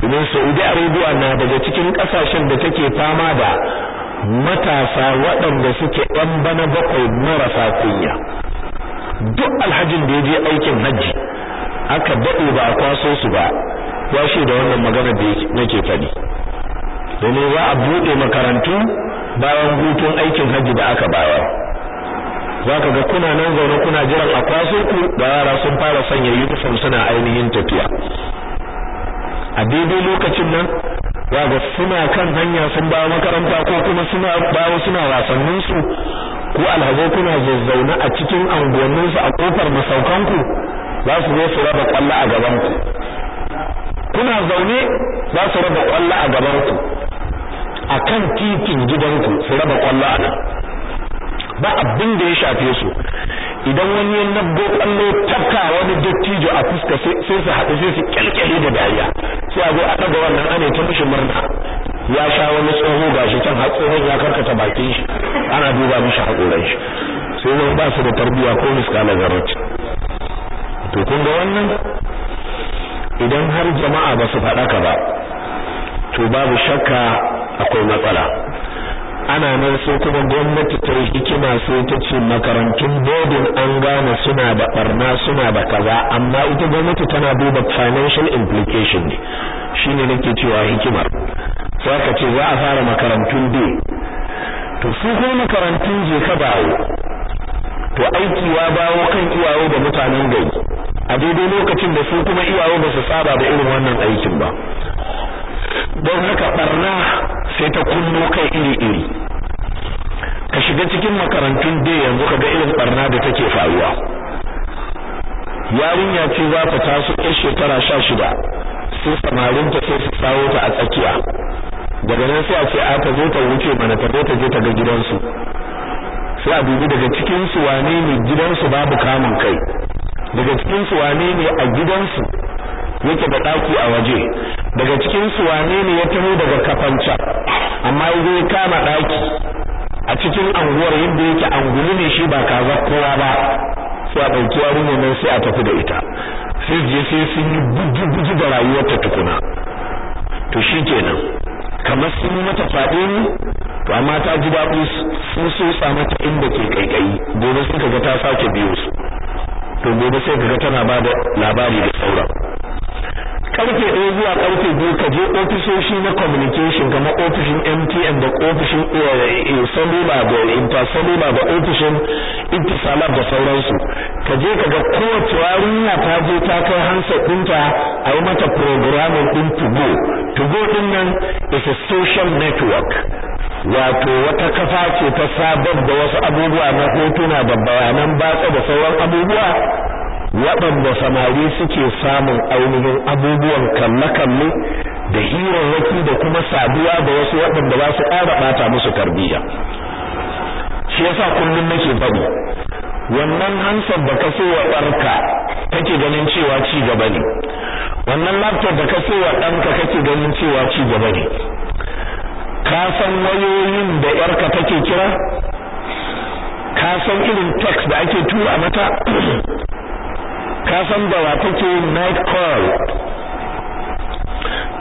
sau Saudi Arabia na daga cikin kasashen da take fama da matasa waɗanda suke ɗan bana bakwai marasa kunya duk alhajin da ya je aikin hajji aka daɗe ba a kwaso su ba ya da wannan magana da nake faɗi domin za a buɗe makarantu bayan hutun aikin hajji da aka bayar za ka ga kuna nan zaune kuna jiran a kwaso ku da yara sun fara sanya uniform suna ainihin tafiya a daidai lokacin nan za ga suna kan hanya sun dawo makaranta ko kuma suna bawa suna wasannin su ko alhazai kuna zazzauna a cikin anguwannin su a kofar masaukan ku za su zo su raba kwallo a gaban ku kuna zaune za su raba kwallo a gaban ku akan titin gidan ku su raba kwalla a nan ba abin da ya shafe su idan wani ya nabbo kallo tafka wani dattijo a fuska sai su haɗu sai su kyalkyale da dariya sai a zo a ɗaga wannan ana ta mishi murna ya sha wani tsoho shi can har tsohon ya karkata bakin shi ana duba mishi haƙoran shi sai wani ba su da tarbiyya ko miska na zarraci to kun ga wannan idan har jama'a ba su faɗaka ba to babu shakka akwai matsala ana nan sai kuma gwamnati ta yi hikima sai ta ce makarantun bodin an gane suna da barna suna da kaza amma ita gwamnati tana duba financial implication ne shine nake cewa hikimar sai ka ce za a fara makarantun dai to su ko makarantun je ka bawo to aiki ya bawo kan iyawo da mutanen gari a daidai lokacin da su kuma iyawo ba su saba da irin wannan aikin ba don haka barna sai ta kunno kai iri-iri ka shiga cikin makarantun da yanzu ka ga irin barna da take faruwa yarinya ce za ta taso ƴar shekara sha shida sai samarin ta sai su sawo ta a tsakiya daga nan sai a ce a ta zo ta wuce mana ta zo ta je ta ga gidansu sai a dubi daga cikin su wane ne gidansu babu kamun kai daga cikin su wane ne a gidansu yake da daki a waje daga cikinsu su wane ne ya taho daga kafanca amma yazo kama ɗaki. a cikin anguwar yadda yake angulu ne shi ba kaza kowa ba sai a ɗauki ne nan sai a tafi da ita sai je sai sun yi buji buji da rayuwarta tukuna to shi kenan kamar sun yi mata fyaɗe ne to amma ta ji daɗi sun so sa mata inda ke kaikayi gobe suka kaga ta sake biyo su to gobe sai kaga tana ba da labari da sauran karfe ɗaya zuwa karfe biyu ka je ofisoshi na communication kamar ofishin MTN da ofishin eh, eh, Soluma da Intersoluma da ofishin Itisalat da sauransu ka je ka ga kowace yarinya ta je ta kai hansa ɗinta a yi mata programin ɗin 2go ɗin nan is a social network wato wata kafa ce ta sabar da wasu abubuwa na hotuna da bayanan batsa da sauran abubuwa waɗanda samari suke samun ainihin abubuwan kalle-kalle da hirarraki da kuma sabuwa da wasu waɗanda za su ƙara ɓata musu tarbiyya shi yasa kullum nake faɗi wannan hansar da ka so wa ɗarka kake ganin cewa ci gaba ne wannan laptop da ka so wa ɗanka kake ganin cewa ci gaba ne ka wayoyin da ƴarka take kira kasan san irin text da ake tura mata ka san da wa take night call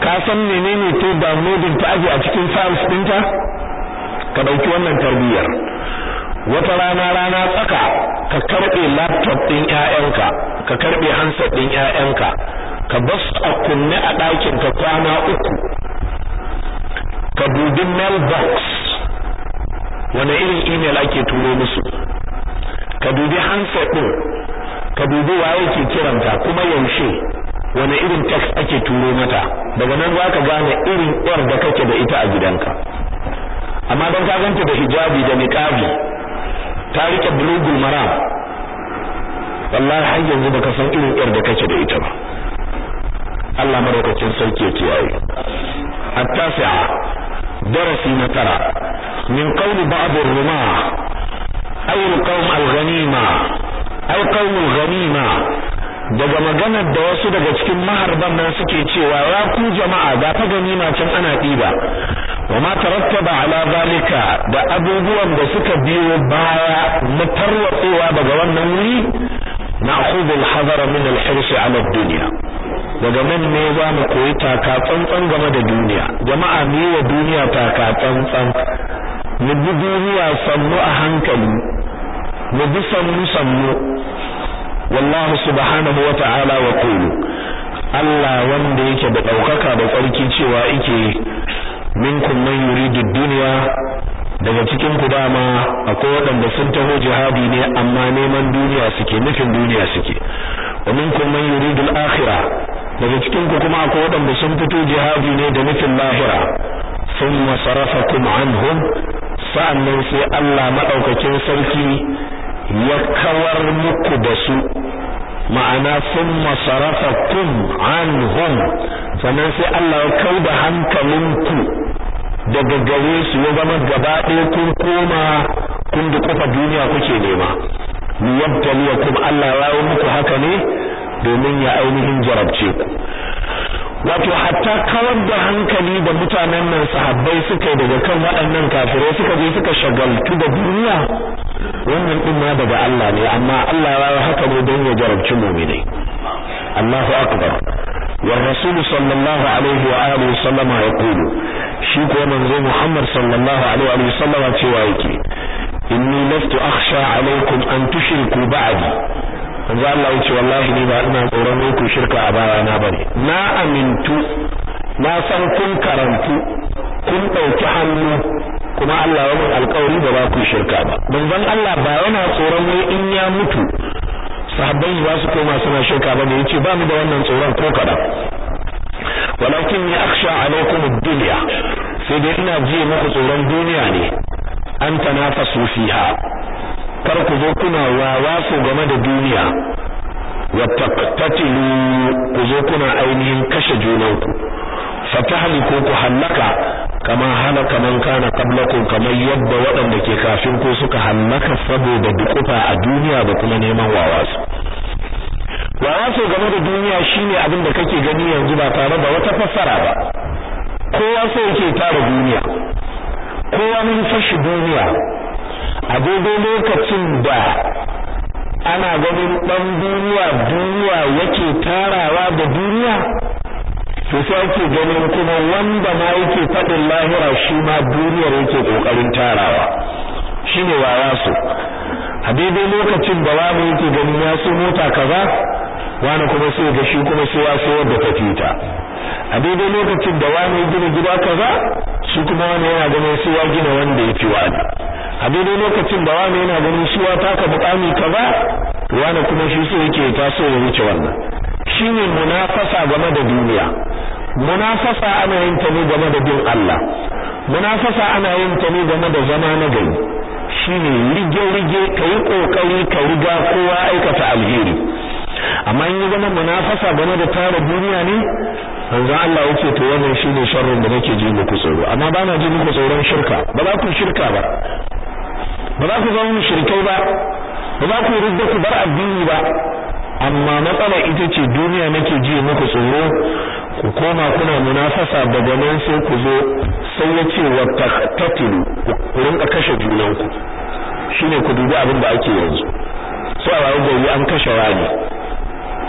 ka san menene to downloading ta aje a cikin files ɗinta ka ɗauki wannan tarbiyyar wata rana rana tsaka ka karɓe laptop ɗin ƴaƴanka ka karɓe handset ɗin ƴaƴanka ka bas a kunne a ɗakin ka kwana uku ka dubi mail mailbox wani irin email ake turo musu ka dubi handset ɗin ka dubi waye ke kiranta kuma yaushe wani irin text ake turo mata daga nan za ka gane irin yar da kake da ita a gidanka amma don ka ganta da hijabi da niqabi ta rike bulugul maram wallahi har yanzu baka san irin yar da kake da ita ba Allah madaukakin sarki ya kiyaye at-tasi'a darasi na tara min qawli ba'd ar-rumah qawm al-ghanima ai qaumul ghanima daga maganar da wasu daga cikin maharban nan suke cewa ya ku jama'a ga fa ganima can ana diba wa ma tarattaba ala zalika da abubuwan da suka biyo baya na tarwatsewa daga wannan wuri na'khudhu al-hadara min al-hirs ala ad-dunya daga nan ne za mu koyi taka tsantsan game da duniya jama'a mu wa duniya taka tsantsan mu bi duniya sannu a hankali mu bi sannu sannu wallahi subhanahu wa ta'ala wa qulu Allah wanda yake da daukaka da tsarki cewa yake minkum man yuridu dunya daga cikin ku dama akwai waɗanda sun taho jihadi ne amma neman duniya suke nufin duniya suke wa minkum man yuridu al-akhirah daga cikin ku kuma akwai waɗanda sun fito jihadi ne da nufin lahira ثم anhum عنهم sa'annan sai Allah madaukakin sarki ya kawar muku da su ma'ana sun masarafa kun hun sannan sai Allah ya kau da hankalinku daga gare su ya zama gaba ɗaya kun koma kun da kofa duniya kuke nema kuma Allah ya yi muku haka ne domin ya ainihin jarabce ku wato hatta kawar da hankali da mutanen nan sahabbai suka yi daga kan waɗannan kafirai suka je suka shagaltu da duniya wannan din ma daga Allah ne amma Allah ya yi haka ne don ya jarabci mu'minai Allahu akbar والرسول صلى الله عليه وآله وسلم يقول ko manzo Muhammad sallallahu alaihi wa sallam cewa yake inni laftu akhsha alaikum an tushriku ba'di manzo Allah ya wallahi ni ba ina tsoron ku shirka a baya na bane na amintu na san kun karantu kun dauki hannu kuma Allah ya mun alƙawari ba ba ku shirka ba manzon Allah ba yana tsoron wai in ya mutu sahabbai ba su koma suna shirka bane yace ba mu da wannan tsoron ko kada walakin ni akhsha alaikum ad-dunya sai dai ina ji muku tsoron duniya ne an tanafasu fiha kar ku zo kuna wawa su game da duniya wa taqtatilu ku zo kuna ainihin kashe junanku tahliku ku halaka kama halaka man kana qablakum kamar yadda waɗanda ke kafin ku suka halaka saboda dukufa a duniya da kuma neman wawa su wawa su game da duniya shine abin da kake gani yanzu ba tare da wata fassara ba kowa so yake tara duniya kowa mun fashi duniya a daidai lokacin da ana ganin ɗan duniya duniya yake tarawa da duniya to sai ake ganin kuma wanda ma yake faɗin lahira shi ma duniyar yake ƙoƙarin tarawa shi ne wa yaso a daidai lokacin da wani yake ganin ya so mota kaza wani kuma sai ga shi kuma sai ya so wadda ta fita a daidai lokacin da wani gina gida kaza shi kuma wani yana ganin sai ya gina wanda ya fi wani a daidai lokacin da wani yana ganin shi wa taka bukami kaza wani kuma shi so yake ta so ya wuce wannan Shi ne munafasa game da duniya munafasa ana yin ta ne game da bin Allah munafasa ana yin ta ne game da zama na gari ne, rige rige yi kokari ka riga kowa aikata alheri amma in yi zama munafasa game da tara duniya ne hanzu Allah ya ce to wannan ne sharrin da nake ji muku tsoro amma ba na ji muku tsoron shirka ba za ku shirka ba ba za ku zama shirkai ba ba za ku rubda ku bar addini ba amma matsala ita ce duniya nake ji muku tsoro ku koma kuna munafasa daga nan sai ku zo sai ya ce wa taqtatilu ku rinka kashe junanku shine ku dubi abin da ake yanzu sai a rayu gari an kashe wani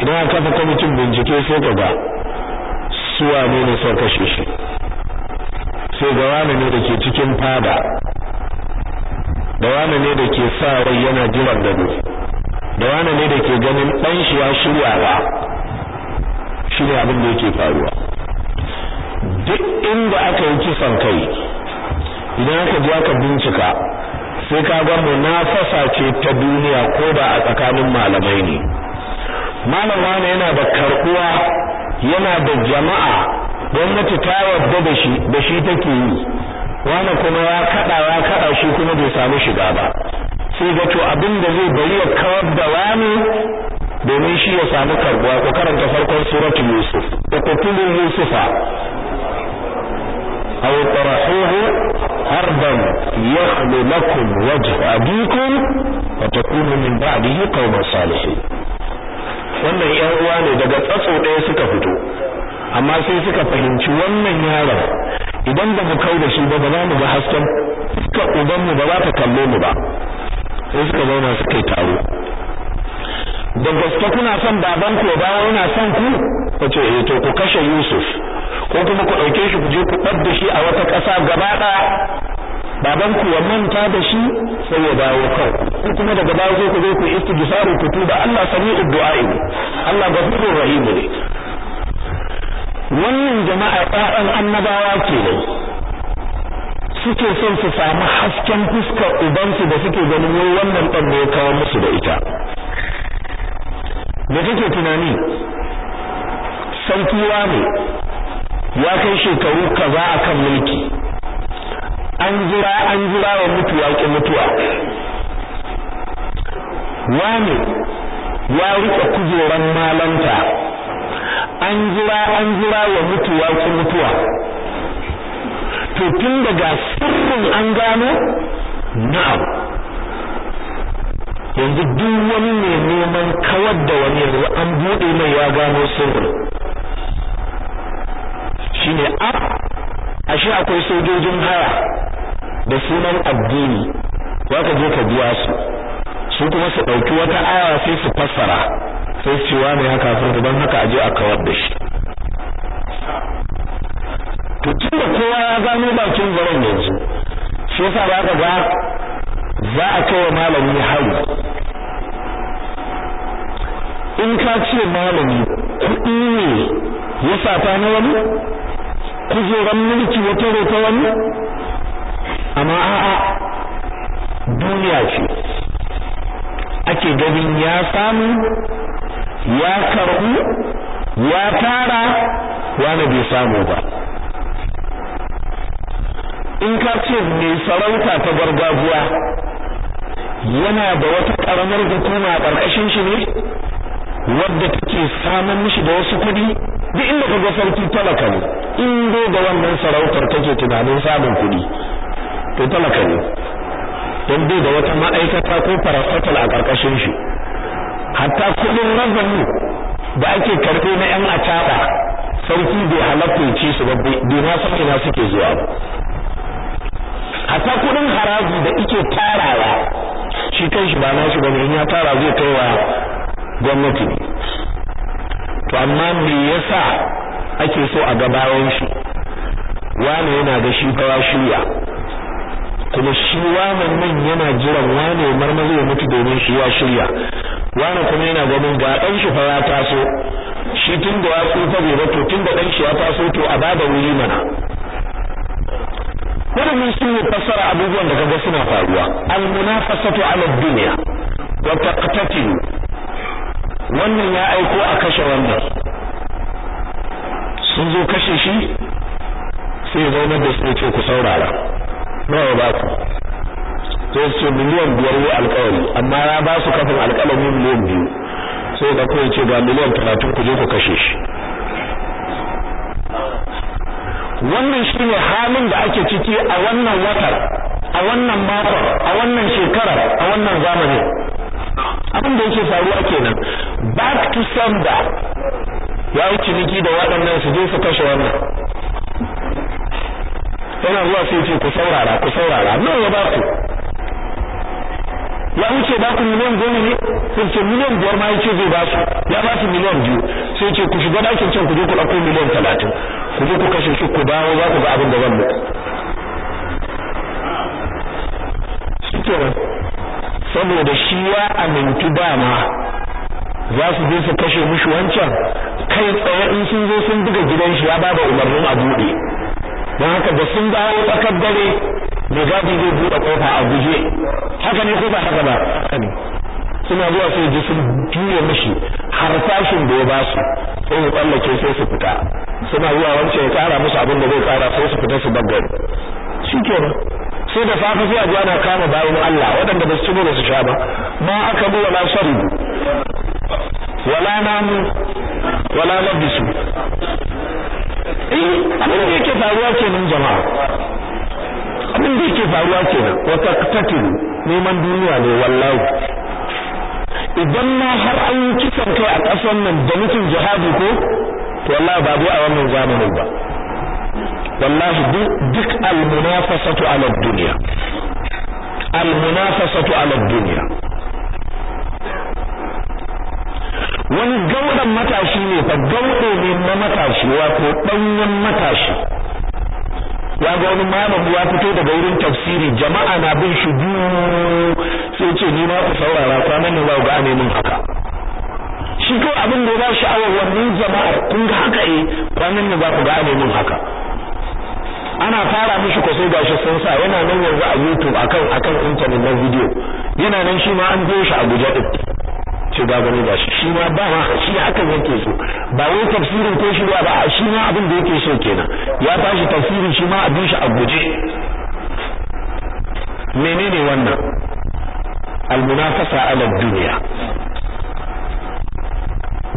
idan an kafa kwamitin bincike sai ka ga suwa ne ne sai kashe shi sai ga wani ne da ke cikin fada da wane ne da ke sa rai yana jiran gado da wane ne da ke ganin ɗan shi ya shirya ba shi abin da yake faruwa duk inda aka yi kisan kai idan aka je aka bincika sai ka ga munafasa ce ta duniya ko da a tsakanin malamai ne malam wane yana da karbuwa yana da jama'a gwamnati ta yarda da shi da shi take yi wani kuma ya kada ya kada shi kuma bai samu shiga ba sai ga to abin da zai bari ya kawar da wani domin shi ya samu karbuwa ko karanta farkon suratul yusuf wa qutulu yusufa aw tarahuhu ardan yakhlu lakum wajh abikum wa takunu min ba'dihi qawman salihin wannan yan uwa ne daga tsatso ɗaya suka fito amma sai suka fahimci wannan yaron idan da mu kau da shi ba ba za mu ga hasken fuskar ubanmu ba za ta kalle mu ba sai suka zauna suka yi taro da gaske kuna son baban ku ba yana son ku ce eh to ku kashe Yusuf ko kuma ku dauke shi ku je ku da shi a wata ƙasa gaba ɗaya baban ku ya manta da shi sai ya dawo kau ku kuma daga baya ku zo ku istighfaru ku tuba Allah sami'ud du'a'i Allah ghafurur rahim ne wannan jama'a ƴaƴan annabawa kenan suke son su sami hasken fuskar ubansu da suke ganin wai wannan ɗan da ya kawo musu da ita da kake tunani sarkiwa ne ya kai shekaru kaza kan mulki an jira an jira wa mutuwa ki mutuwa wane ya rike kujeran malanta an jira an jira wa mutuwa ku mutuwa to tun daga sirrin an gano na'am yanzu duk wani ne neman kawar da wani yanzu an buɗe mai ya gano sirrin shine a ashe akwai sojojin haya da sunan addini zaka je ka biya su su kuma su ɗauki wata aya sai su fassara sai su ce ya kafirta don haka aje a kawar da shi to tunda kowa ya gano bakin zaren yanzu shi yasa ba ka ga za a kai wa malami hari in ka ce malami kuɗi ne ya sata na wani kujeran mulki wata rota wani amma a'a duniya ce ake ganin ya samu ya karbu ya tara wani bai samu ba in ka ce mai sarauta ta gargajiya yana da wata karamar hukuma a ƙarƙashin shi ne wadda take samun mishi da wasu kuɗi duk inda ka ga sarki talaka ne in dai da wannan sarautar take tunanin samun kuɗi to talaka ne don bai da wata ma'aikata ko farafatal a ƙarƙashin shi hatta kudin nazari da ake karfe na yan acaba sarki bai halatta ya ce su ba bai na san ina suke zuwa ba hatta kudin haraji da ike tarawa shi kan shi ba na shi bane in ya tara zai kai wa gwamnati to amma me yasa ake so a gabawan shi wane yana da shi shirya kuma shi wannan nan yana jiran wane marmari ya mutu domin shi ya shirya wani kuma yana ganin ga dan shi fa ya taso shi tun da ya tsufa bai ba to tun da dan shi ya taso to a bada wuri mana mun sun yi fassara abubuwan da kaga suna faruwa al munafasatu ala dunya wa taqtatilu wannan ya aiko a kashe wannan sun zo kashe shi sai zaunar da su ce ku saurara nawa ba ku sai su ce miliyan biyar ne alkawari amma ya ba su kafin alkalami miliyan biyu sai ga kuma ce ga miliyan talatin ku ku kashe shi wannan shi ne halin da ake ciki a wannan watar a wannan makon a wannan shekarar a wannan zamani abin da yake faruwa kenan back to sender ya yi ciniki da waɗannan su je su kashe wannan yana zuwa sai ce ku saurara ku saurara nan ya ba ku ya wuce ba ku miliyan goma ne sai ce miliyan biyar ma yace zai ba su ya ba su miliyan biyu sai ce ku shiga dakin can ku je ku ɗauko miliyan talatin ku je ku kashe shi ku dawo za ku ga abin da zan muku shikenan saboda shi ya aminti dama za su je su kashe mushi wancan kai tsaye in sun zo sun buga gidan shi ya ba da umarnin a buɗe don haka da sun dawo tsakar dare da zafin zai buɗe ƙofa a guje haka ne ko ba haka ba haka ne suna zuwa sai ji sun juya mishi fashin da ya ba su sai ya tsallake sai su fita suna zuwa wancan ya kara musu abin da zai kara sai su fita su bagare shi kenan sai da safe sai a ji ana kama bayan Allah waɗanda ba su ci ba su sha ba ma aka bi wala sharibu wala namu wala labisu eh abin da yake faruwa kenan jama'a abin da yake faruwa kenan wa taqtatilu neman duniya ne wallahi idan ma har an yi kisan kai a ƙasar nan da mutum jihadi ko to wallahi babu a wannan zamanin ba wallahi duk al-munafasatu ala dunya al-munafasatu ala dunya wani gaudan matashi ne fa gaudo ne na matashi wato danyen matashi ya ga wani malamu ya fito daga wurin tafsiri jama'a na bin shi sai ce ni ma ku saurara kwanan nan za ku gane min haka shi ko abin da ya ba sha'awar wannan jama'a kun ga haka eh kwanan nan za ku gane min haka ana fara mishi ko sai gashi sun sa yana nan yanzu a YouTube akan akan internet na video yana nan shi ma an zo shi a Abuja din ce ga gani da shi shi ma ba ma shi hakan yake so ba wai tafsirin ko shi ba shi ma abin da yake so kenan ya tashi tafsirin shi ma abin shi a guje menene wannan almunafasa ala duniya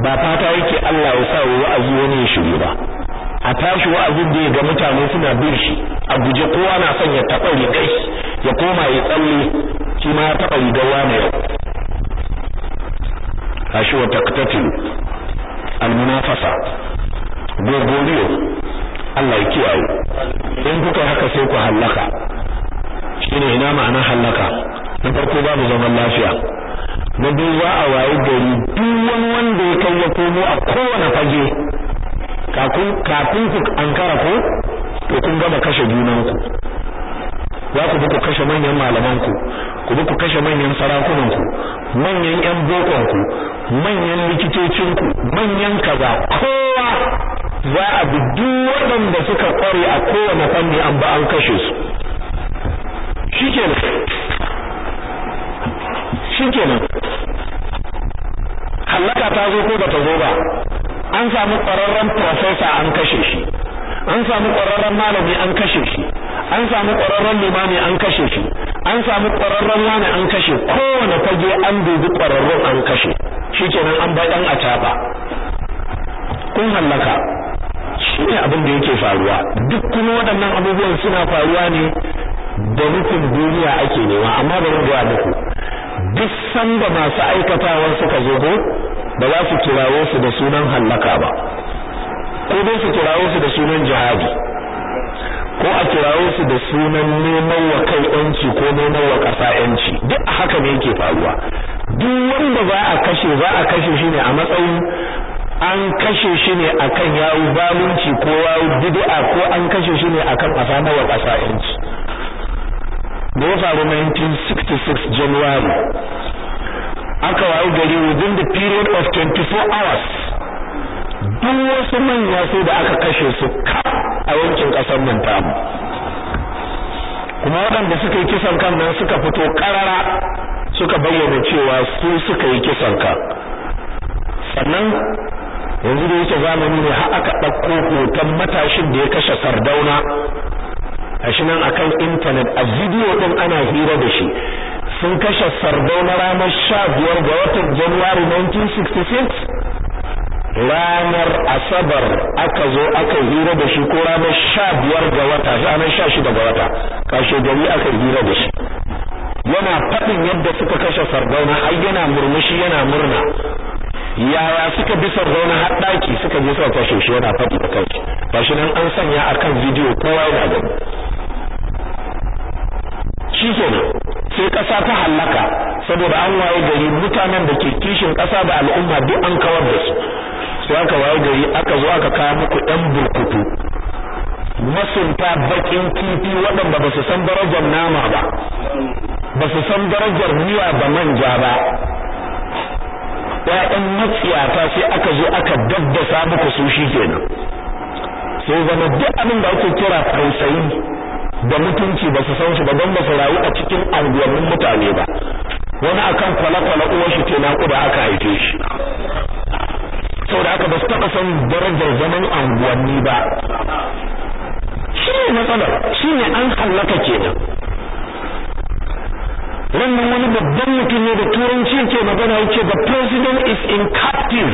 ba fata yake Allah ya sa wa'azi wani ya shigo ba a tashi wa'azin da ya ga mutane suna bin shi a guje kowa na son ya taɓa rigai ya koma ya tsalle shi ma ya taɓa rigar wani yau ashi wa taqtatil almunafasa gogoriyo Allah ya kiyaye in kuka haka sai ku hallaka shine ina ma'ana hallaka na farko babu zaman lafiya na biyu za a wayi gari duk wani wanda ya kai ya komo a kowane fage kafin ku ankara ko to kun gama kashe junanku za ku bi ku kashe manyan malaman ku ku bi kashe manyan sarakunanku, ku manyan yan bokon ku manyan likitocin ku manyan kaza kowa za a bi duk waɗanda suka kware a kowane fanni an ba an kashe su shikenan shikenan hallaka ta zo ko ba ta zo ba an samu ƙwararren profesa an kashe shi an samu ƙwararren malami an kashe shi an samu ƙwararren limami an kashe shi an samu ƙwararren wani an kashe kowane fage an dubi ƙwararren an kashe shikenan an bai dan ataba kun hallaka shi ne abin da yake faruwa duk kuma waɗannan abubuwan suna faruwa ne da nufin duniya ake nema amma da mu ga muku duk sanda masu aikatawa suka zo ba za su kirawo su da sunan hallaka ba ko dai su kirawo su da sunan jihadi ko a kirawo su da sunan neman wa kai yanci ko neman wa ƙasa yanci duk haka ne yake faruwa duk wanda za a kashe za a kashe shi ne a matsayin an kashe shi ne akan yawo zalunci ko yawo bid'a ko an kashe shi ne akan kasa samar wa kasa yanci da ya faru 1966 January aka wayo gari within the period of 24 hours duk wasu manya sai da aka kashe su ka a yankin kasar nan kuma waɗanda suka yi kisan kan nan suka fito karara suka bayyana cewa su suka yi kisan ka. sannan yanzu da yake zamani ne har aka ɗauko hoton matashin da ya kashe sardauna A shi nan akan intanet a bidiyo ɗin ana hira da shi sun kashe sardauna ranar sha biyar ga watan januwari 1966 ranar asabar aka zo aka hira da shi ko ranar sha biyar ga wata ranar sha shida ga wata kashe gari aka hira da shi yana faɗin yadda suka kashe sardauna ai yana murmushi yana murna yaya suka bi sardauna har ɗaki suka je suka kashe shi yana faɗi da kai ba shi nan an sanya akan bidiyo kowa yana gani shi sai ƙasa ta hallaka saboda an waye gari mutanen da ke kishin ƙasa da al'umma duk an kawar da su sai aka waye gari aka zo aka kawo muku ɗan burkutu masunta bakin kifi waɗanda ba su san darajar nama ba ba su san darajar miya ba manja ba ‘ya'yan matsiyata sai aka zo aka daddasa muku su shi kenan sai zama duk abin da ake kira tausayi da mutunci ba su san shi ba don ba su rayu a cikin anguwannin mutane ba wani akan kwale-kwale uwar shi ke naƙuda aka haife shi saboda haka ba su taɓa son darajar zaman anguwanni ba shi ne matsalar shi ne an hallaka kenan wannan wani babban mutum ne da turanci yake magana yake the president is in captive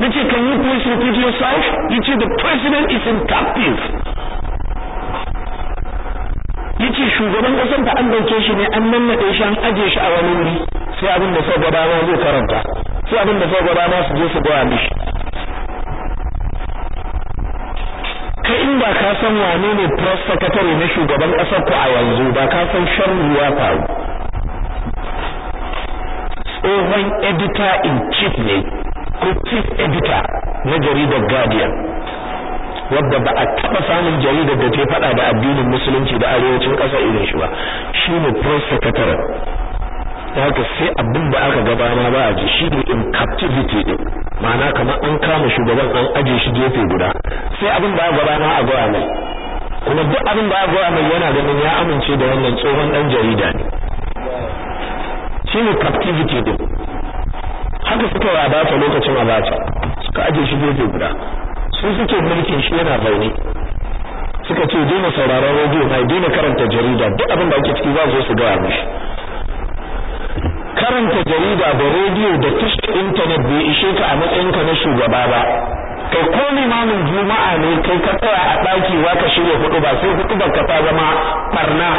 nace can you please repeat yourself yace the president is in captive yace shugaban kasar da an dauke shi ne an nannaɗe shi an aje shi a wani wuri sai abin da sai gaba zai karanta su abin da zai gwada su je su gaya mishi ka inda ka san wane ne press na shugaban ƙasar ku a yanzu ba ka san ruwa ya faru tsohon editor in chief ne ko chief editor na jaridar guardian wadda ba a taɓa samun jaridar da ta faɗa da addinin musulunci da arewacin ƙasa irin shi ba shine press secretary da haka sai abin da aka gabana ba a ji shi ne in captivity din ma'ana kamar an kama shugaban an aje shi gefe guda sai abin da aka gabana a gaya mai kuma duk abin da aka gaya mai yana ganin ya amince da wannan tsohon dan jarida ne shi ne captivity din haka suka wa abacha lokacin abacha suka aje shi gefe guda su suke mulkin shi yana zaune suka ce daina sauraron rediyo mai daina karanta jarida duk abin da ake ciki za su zo su gaya mishi karanta jarida da rediyo da tushe intanet bai ishe ka a matsayinka na shugaba ba kai ko limamin juma'a ne kai ka tsaya a ɗaki wa ka shirya hudu ba sai hudu ka ta zama barna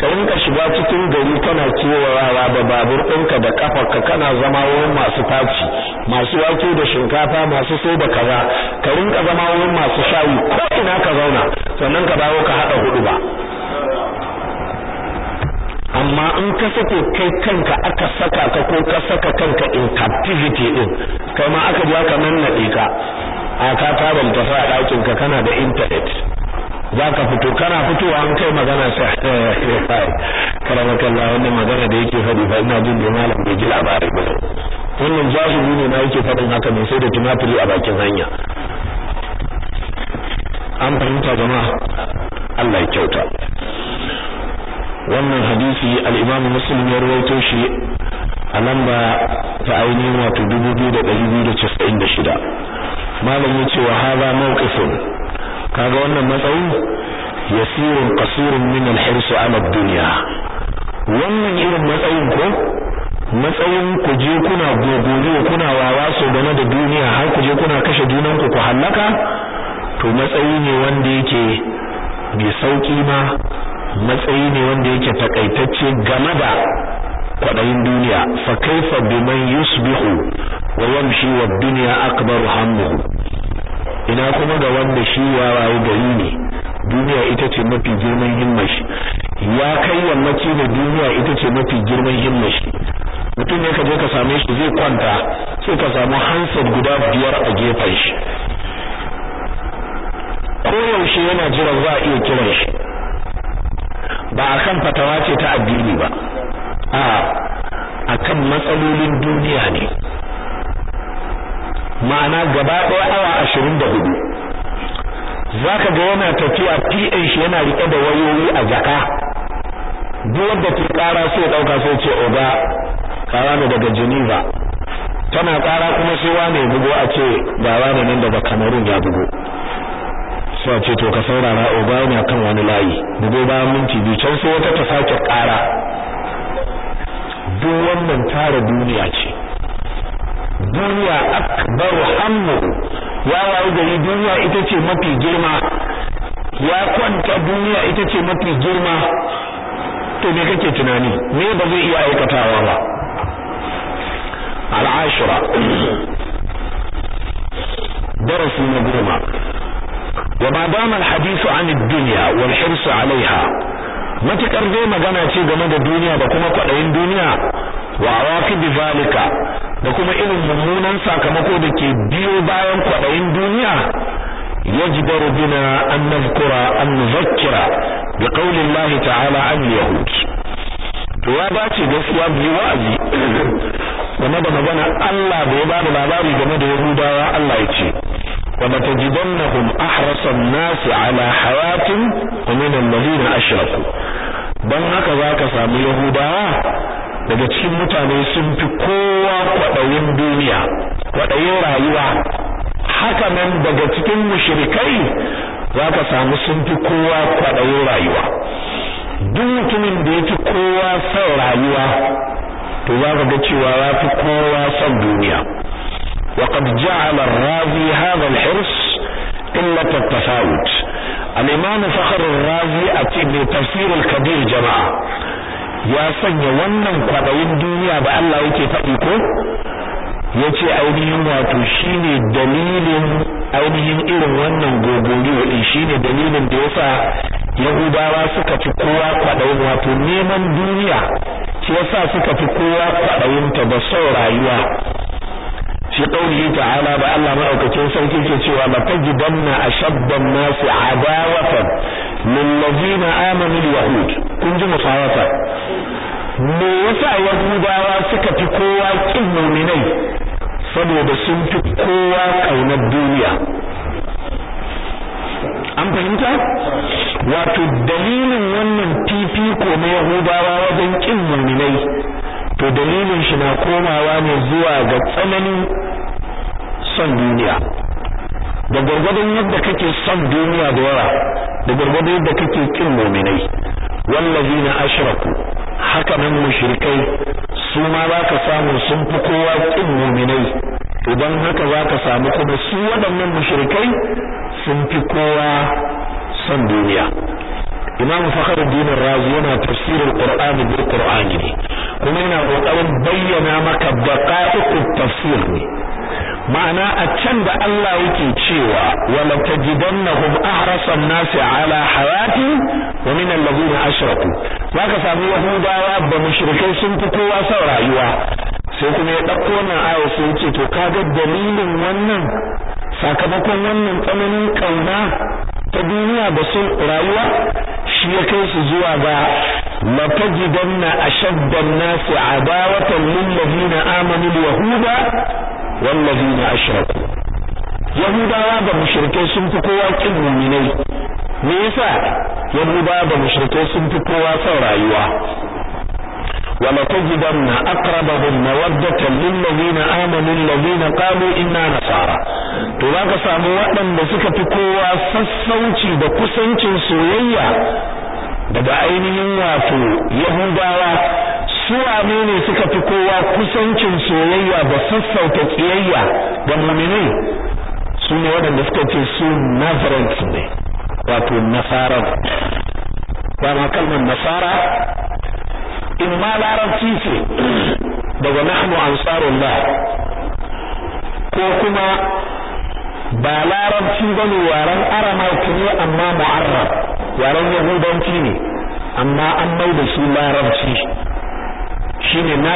ka rinka shiga cikin gari kana kewayawa da babur ɗinka da ka, kana zama wurin masu taci masu wake da shinkafa masu so da kaza ka rinka zama wurin masu shayi ko ina ka zauna sannan ka dawo ka haɗa hudu ba amma in ka sako kai kanka aka saka ka ko ka saka kanka in captivity din kai ma aka ja ka nannade ka a ka taban ta sa dakin ka kana da internet zaka fito kana fitowa an kai magana sai [laughs] eh, eh, karamaka Allah wannan magana da yake faɗi fa ina jin da malam bai ji labari ba wannan jahili ne na yake faɗin haka ne sai da tumaturi a bakin hanya an fahimta jama'a Allah ya kyauta wannan hadisi al musulun Muslim ya rawaito shi a lamba ta ainihin wato 2296 malam cewa wa hadha ka kaga wannan matsayi yasirun kasirin min al alab duniya duniya. wannan irin matsayin ko matsayin ku je kuna gogoro kuna wawa so game da duniya har ku je kuna kashe dunanku ku hallaka to matsayi ne wanda yake mai sauki ma matsayi ne wanda yake takaitacce game da kwaɗayin duniya fa kaifa biman yusbihu wa yamshi wa dunya akbar hammuhu ina kuma ga wanda shi ya rayu gari ne duniya ita ce mafi girman himmashi ya kai yammaci da duniya ita ce mafi girman himmashi mutum ne ka je ka same shi zai kwanta sai ka samu hansar guda biyar a gefen shi koyaushe yana jiran za a iya kiran shi ba akan fatawa ce ta addini ba a akan matsalolin duniya ne ma'ana gaba ɗaya awa ashirin da hudu za ka ga yana tafiya pa shi yana rike da wayoyi a jaka duk wanda ke ƙara so ɗauka sai ce oga kara ne daga geneva tana ƙara kuma sai wane bugo a ce ga wane nan daga cameroon ya bugo sai ce to ka saurara oga kan wani layi bugo ba minti biyu can sai wata ta sake kara duk wannan tara duniya ce duniya akbar hammu ya wayi gari duniya ita ce mafi girma ya kwanta duniya ita ce mafi girma to me kake tunani me ba zai iya aikatawa ba al'ashira darasi na goma وما دام الحديث عن الدنيا والحرص عليها matukar zai magana ce game da duniya da kuma kwaɗayin duniya wa awaqib zalika da kuma irin mummunan sakamako da ke biyu bayan kwaɗayin duniya yaji بنا أن نذكر أن نذكر بقول الله تعالى عن اليهود ya dace gaskiya biyu wa'azi game da magana Allah da ya ba da labari game da Yahudawa Allah ya ولتجدنهم أحرص الناس على حياة ومن الذين أشركوا don haka za ka samu yahudawa daga cikin mutane sun fi kowa kwaɗayin duniya kwaɗayin rayuwa haka nan daga cikin mushrikai za ka samu sun fi kowa kwaɗayin rayuwa duk mutumin da ya fi kowa son rayuwa to za ka ga cewa ya fi kowa son duniya وقد جعل الرازي هذا الحرص قلة التفاوت الإمام فخر الرازي أتي بتفسير الكبير جماعة يا سنة ونن قبين دنيا بألا يتي فأيكو يتي أوليهم واتوشيني دليل أوليهم إلى ونن قبولي وإنشيني دليل ديسا يهودا واسكة قوة قبين واتو دنيا تيسا سكة قوة قبين بصورة أيها Shi fi qawlihi ta'ala ba Allah ma'aukacin sarki ke cewa ta a shabban ashabban a adawatan lullazi na amalin yahud kun ji musawata me yasa yahudawa suka fi kowa kin mu'minai saboda sun fi kowa kaunar duniya an fahimta wato dalilin wannan fifiko na yahudawa wajen kin mu'minai to dalilin shi na komawa ne zuwa ga tsananin son duniya da gargadon yadda kake son duniya da yawa da gwargwadon yadda kake kin mu'minai wallazina ashraku haka nan mushrikai su ma za ka samu sun fi kowa kin mu'minai idan haka za ka samu kuma su waɗannan mushrikai sun fi kowa son duniya imam fakhruddin razi yana tafsirin qur'ani bil qur'ani ne kuma yana kokarin bayyana maka baqa'iqut tafsir ne ma'ana a can da Allah yake cewa wala tajidannahum ahrasan nasi ala hayati wa min alladhina ashraku zaka samu yahudawa da mushrikai sun fi kowa son rayuwa sai kuma ya ɗauko wannan aya sai to to kaga dalilin wannan sakamakon wannan tsananin kauna ta duniya da sun rayuwa shi ya kai su zuwa ga latajidanna ashaddan nasi adawatan lil ladina amanu al yahuda wal ladina ashraku yahudawa da mushrikai sun fi kowa kin mu'minai me yasa yahudawa da mushrikai sun fi kowa son rayuwa ولتجدن أقربهم مودة للذين آمنوا الذين قالوا إنا nasara? to za ka samu waɗanda suka fi kowa sassauci da kusancin soyayya daga ainihin wato yahudawa suwa ne suka fi kowa kusancin soyayya da sassauta tsiyayya da mummini su ne waɗanda suka ce su nazarensu ne wato nasaran dama kalmar nasara in ma larabci ce daga nahnu ansarullah ko kuma ba larabci ba ne yaren aramarki ne amma mu'arrab yaren yahudanci ne amma an mai da shi larabci shine ne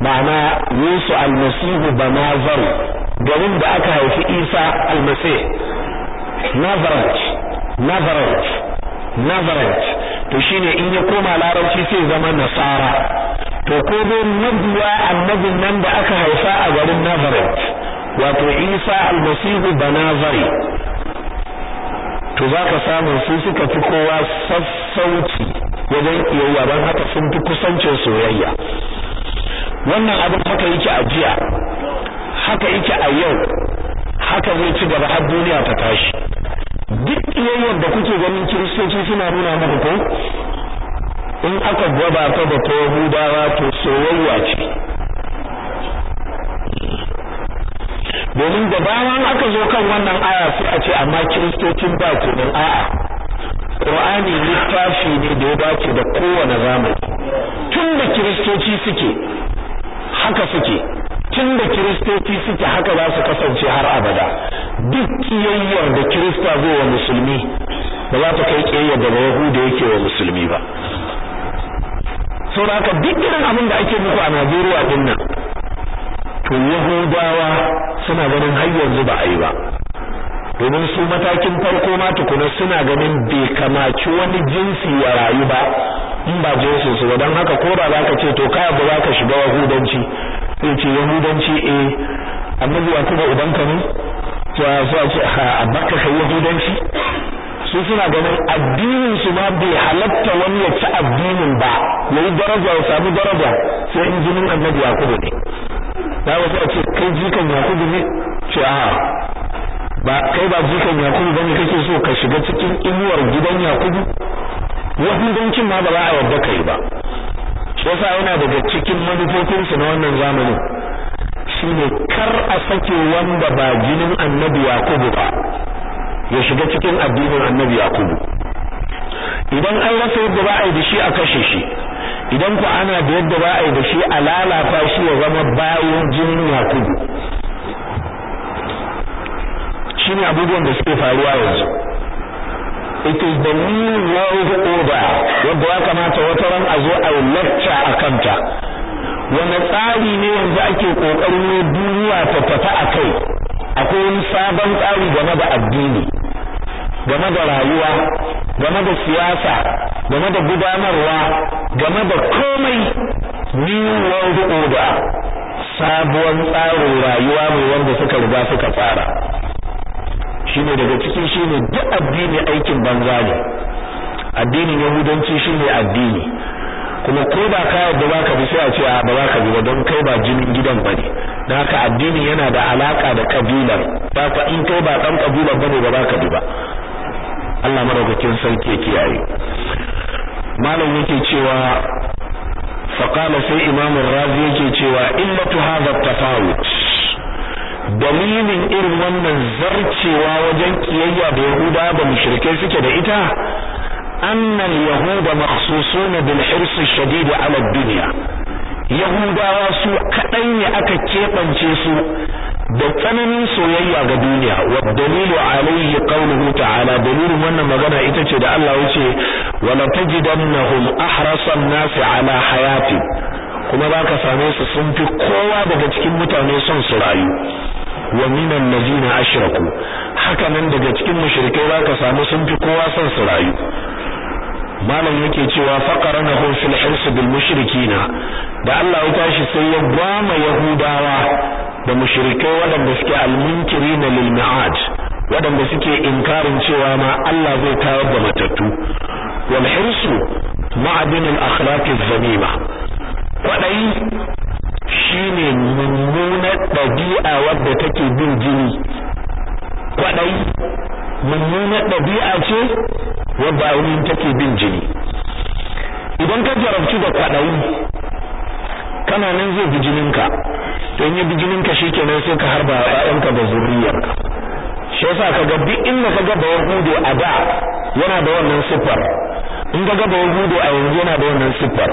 ma'ana al almasihu ba nazar garin da aka haifi isa almasih nazaret nazaret nazaret to shine in ya koma larabci sai zama nasara to ko dai mabiya annabin nan da aka haifa a garin nazaret wato isa almasihu banazari to za ka samu su suka fi kowa sassauci wajen iyayya don haka sun fi kusancin soyayya wannan abin haka yake a jiya haka yake a yau haka zai ci gaba har duniya ta tashi duk iyayyar da kuke ganin kiristoci suna nuna muku ko in aka gwaba ta da ta yahudawa to soyayya ce domin da bayan aka zo kan wannan aya sai a ce amma kiristocin ba kenan a'a Qur'ani littafi ne da ya dace da kowane zamani tun da kiristoci suke haka suke tun da kiristoci suke haka za su kasance har abada duk kiyayyar da kirista zai wa musulmi ba za ta kai kiyayyar da yahuda yake wa musulmi ba saboda duk irin abin da ake muku a Najeriya din nan to yahudawa suna ganin har yanzu ba a yi ba domin su matakin farko ma tukuna suna ganin bai kamaci wani jinsi ya rayu ba in ba jinsin su ba don haka ko ba za ka ce to ka ba za ka shiga yahudanci sai ce yahudanci eh annabi ya kuma ubanka ne to a ce a baka kai yahudanci su suna ganin addinin su ma bai halatta wani ya ci addinin ba yayi daraja ya samu daraja sai in jinin annabi ya ne ba wasu a ce kai jikan yakubu ne ce a ba kai ba jikan yakubu bane kake so ka shiga cikin inuwar gidan yakubu yahudancin ma ba za a ka yi ba shi yasa yana daga cikin manufofin su na wannan zamanin shine kar a sake wanda ba jinin annabi yakubu ba ya shiga cikin addinin annabi yakubu idan an rasa yadda ba a yi da shi a kashe shi idan ku ana da yadda ba a yi da shi a lalata shi ya zama bayan jinin yakubu shi ne abubuwan da suke faruwa yanzu it is the new world order yadda ya kamata wata ran a zo a yi lecture a kanta wani tsari ne yanzu ake kokarin ne duniya ta tafi a kai akwai wani sabon tsari game da addini game da rayuwa game da siyasa game da gudanarwa game da komai new world order sabuwar tsarin rayuwa mai wanda suka riga suka tsara shine daga cikin shine duk addini aikin banza ne addinin yahudanci shine addini kuma ko ba ka yadda ba ka bi sai a ce ba za ka bi ba don kai ba jinin gidan ba ne haka addini yana da alaka da kabilar ba in kai ba ɗan kabilar ba ne ba za ka bi ba Allah madaukakin sarki ya kiyaye malam yake cewa faqala sai imam razi yake cewa illatu hadha tafawut dalilin irin wannan zarcewa wajen kiyayya da yahuda da shirke suke da ita أن اليهود مخصوصون بالحرص الشديد على yahudawa su kadai ne aka keɓance su. da tsananin soyayya ga duniya wa dalilu alayhi qawluhu ta'ala dalilu wannan magana ita ce da Allah yace la tajidannahum an nasi ala hayati kuma baka same su sun fi kowa daga cikin mutane son su rayu wa minan ladina ashraku haka nan daga cikin mushrikai zaka same sun fi kowa son su rayu malam yake cewa faqaranahum fil hirs bil mushrikina da Allah ya tashi sai ya gwama yahudawa da mushrikai wadanda suke almunkirina na lil mi'ad waɗanda suke inkarin cewa ma Allah zai tayar da matattu wal hirsu ma'adin al akhlaq al zamima wadai shine mummunar ɗabi'a wadda take bin jini kwadai mummunar ɗabi'a ce wadda ainihin take bin jini idan ka jarabci da kwaɗayi kana nan zai bi jininka to in ya bi jininka nan sai ka harba ƴaƴanka da zuriyarka shi yasa ka ga duk inda ka ga da yahudu a da yana da wannan siffar in ka ga bawan yahudu a yanzu yana da wannan siffar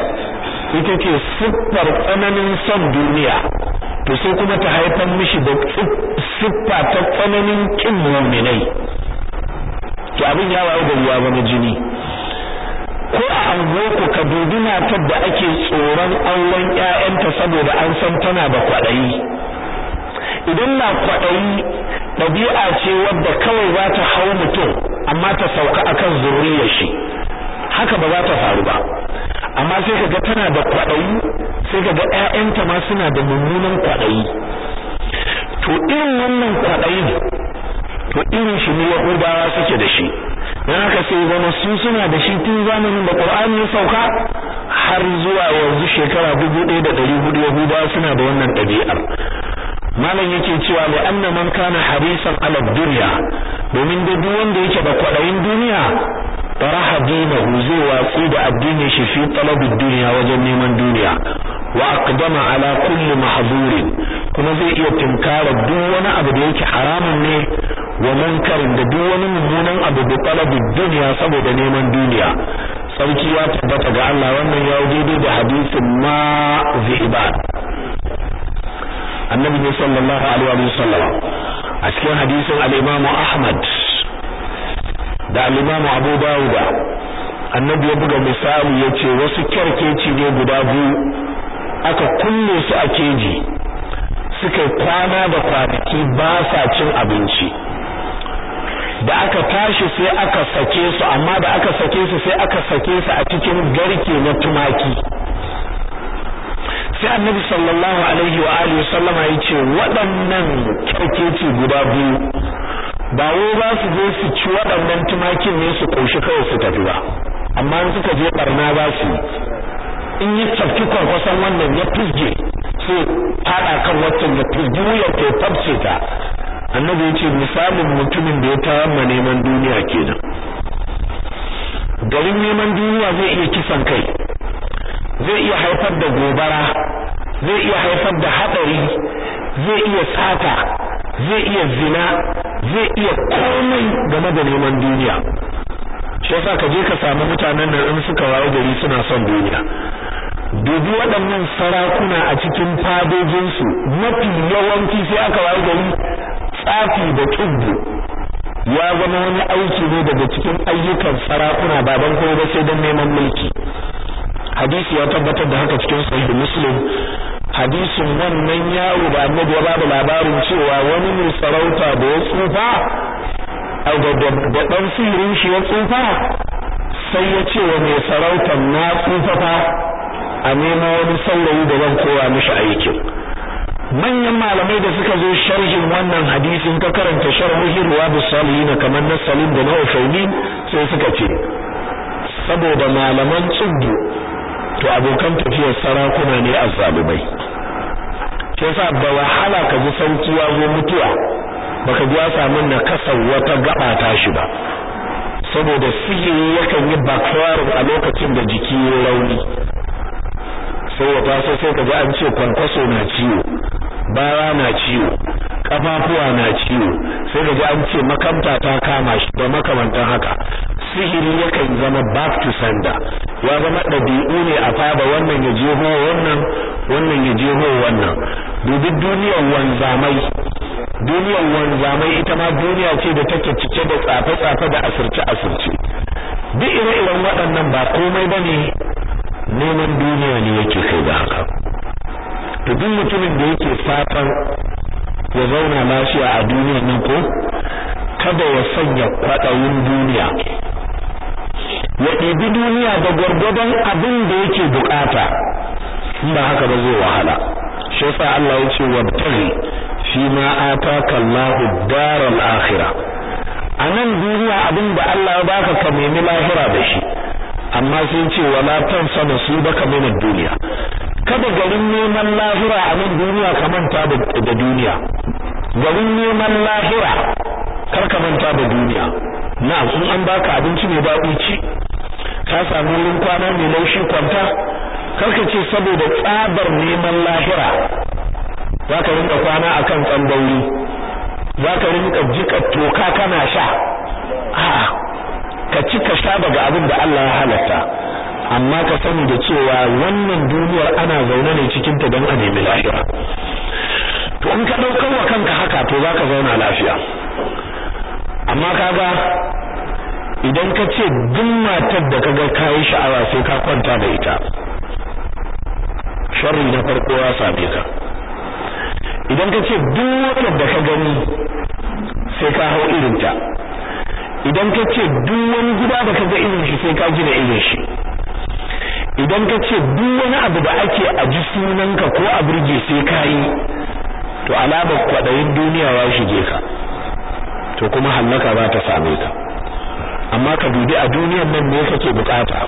ita ce siffar tsananin son duniya to sai kuma ta haifar mishi da siffa ta tsananin kin mu'minai to abin ya wayo ruwa ruwa zama jini ko a anguwarku ka dubi matar da ake tsoron auren ƴaƴanta saboda an san tana da kwaɗayi idan na kwaɗayi ɗabi'a ce wadda kawai za ta hau mutum amma ta sauka akan zuriyar shi haka ba za ta faru ba amma sai kaga tana da kwaɗayi sai kaga ƴaƴanta ma suna da mummunan kwaɗayi to irin wannan kwaɗayin to irin shi ne yahudawa suke da shi dan haka sai zama su suna da shi tun zamanin da qur'ani ya sauka har zuwa yanzu shekara dubu ɗaya da ɗari hudu yahudawa suna da wannan ɗabi'ar malam yake cewa mai anna man kana harisan ala dunya domin da duk wanda yake da kwaɗayin duniya taraha dinahu zai watsi da addinin shi fi talabid duniya wajen neman duniya wa aqdama ala kulli mahzurin kuma zai iya tunkara duk wani abu da yake haramun ne wa munkarin da duk wani mummunan abu da duniya saboda neman duniya sarki ya tabbata ga Allah wannan ya daidai da hadisin ma ziban annabi sallallahu alaihi wa sallam a cikin hadisin al-imamu ahmad da alimamu Abu dawuda annabi ya buga misali ya ce wasu kyarkeci ne guda biyu aka kulle su a keji suka kwana da kwanaki ba sa cin abinci da aka tashi sai aka sake su amma da aka sake su sai aka sake su a cikin garke na tumaki sai annabi sallallahu alaihi wa alihi wasallama ya ce waɗannan ce guda biyu ba wai za su je su ci waɗannan tumakin ne su koshi kawai su tafi ba amma in suka je barna za su in ya tafki kwarkwason wannan ya fizge sai fada kan wancan ya fizge wuyar ta ya tafce ta annabi ya ce misalin mutumin da ya ma neman duniya kenan garin neman duniya zai iya kisan kai zai iya haifar da gobara zai iya haifar da haɗari zai iya sata zai iya zina zai iya komai game da neman duniya shi yasa ka je ka samu mutanen nan in suka wayo gari suna son duniya dubi waɗannan sarakuna a cikin fadojinsu mafi yawanci sai aka wayo gari tsafi da tsubbu ya zama wani aiki ne daga cikin ayyukan sarakuna baban kuma ba sai don neman mulki hadisi ya tabbatar da haka cikin sahih muslim hadisin wannan yaro da annabi ya ba da labarin cewa wani mai sarauta da ya tsufa da dan sihirin shi ya tsufa sai ya ce wa mai sarautar na tsufa fa a nema wani saurayi da zan koya mishi aikin manyan malamai da suka zo sharhin wannan hadisin ka karanta sharhi riwayat salihin kamar na salim da na usaymin sai suka ce saboda malaman tsubbu to abokan tafiyar sarakuna ne a zalumai sai sa ba wahala ka ji sauki ya zo mutuwa baka ka biya samu nakasar wata gaba ta shi ba saboda sihiri yakan yi bakwarin a lokacin da jiki ya rauni sai ya taso sai ka ji an ce kwankwaso na ciwo bara na ciwo kafafuwa na ciwo sai ka ji an ce makamta ta kama shi da makamantan haka sihiri ya kan zama back to sender ya zama ɗabi'u ne a faba wannan ya je ho wannan wannan ya je ho wannan dubi duniyar wanzamai duniyar wanzamai ita ma duniya ce da take cike da tsafe-tsafe da asirce-asirce duk ire-iren waɗannan ba komai ba ne neman duniya ne yake kai da haka to duk mutumin da yake fatan ya zauna lafiya a duniyar nan ko kada ya sanya kwaɗayin duniya ya ɗibi duniya da gwargwadon abin da yake bukata in ba haka ba zai wahala shi yasa Allah ya ce wabtari fi ma ataka Allahu daral a nan duniya abin da Allah ya baka ka nemi lahira da shi amma sun ce wala tansa nasibaka min ad-dunya kada garin neman lahira a nan duniya ka manta da duniya garin neman lahira karka manta da duniya na'am in an baka abinci mai daɗi ci ka samu wurin kwana mai laushi kwanta karka ce saboda tsabar neman lahira za ka rinka kwana akan tsandauri za ka rinka jika toka kana sha a'a ka ci ka sha daga abin da Allah ya halatta amma ka sani da cewa wannan duniyar ana zaune ne cikin ta don a nemi lahira to in ka ɗaukar wa kanka haka to za ka zauna lafiya amma kaga idan ka ce duk matar da kaga kayi sha'awa sai ka kwanta da ita sharri na farko ya same ka idan ka ce duk wanda da ka gani sai ka hau irin ta idan ka ce duk wani gida da ka ga irin shi sai ka gina irin shi idan ka ce duk wani abu da ake a ji sunanka ko a burge sai ka yi to alamar kwaɗayin duniya ya shige ka to kuma hallaka za ta same ka amma ka dubi a duniyar nan ne kake bukata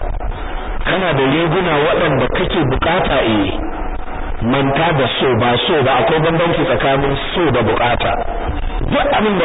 kana da leguna waɗanda kake bukata eh manta da so ba so ba akwai bambanci tsakanin so da bukata duk abin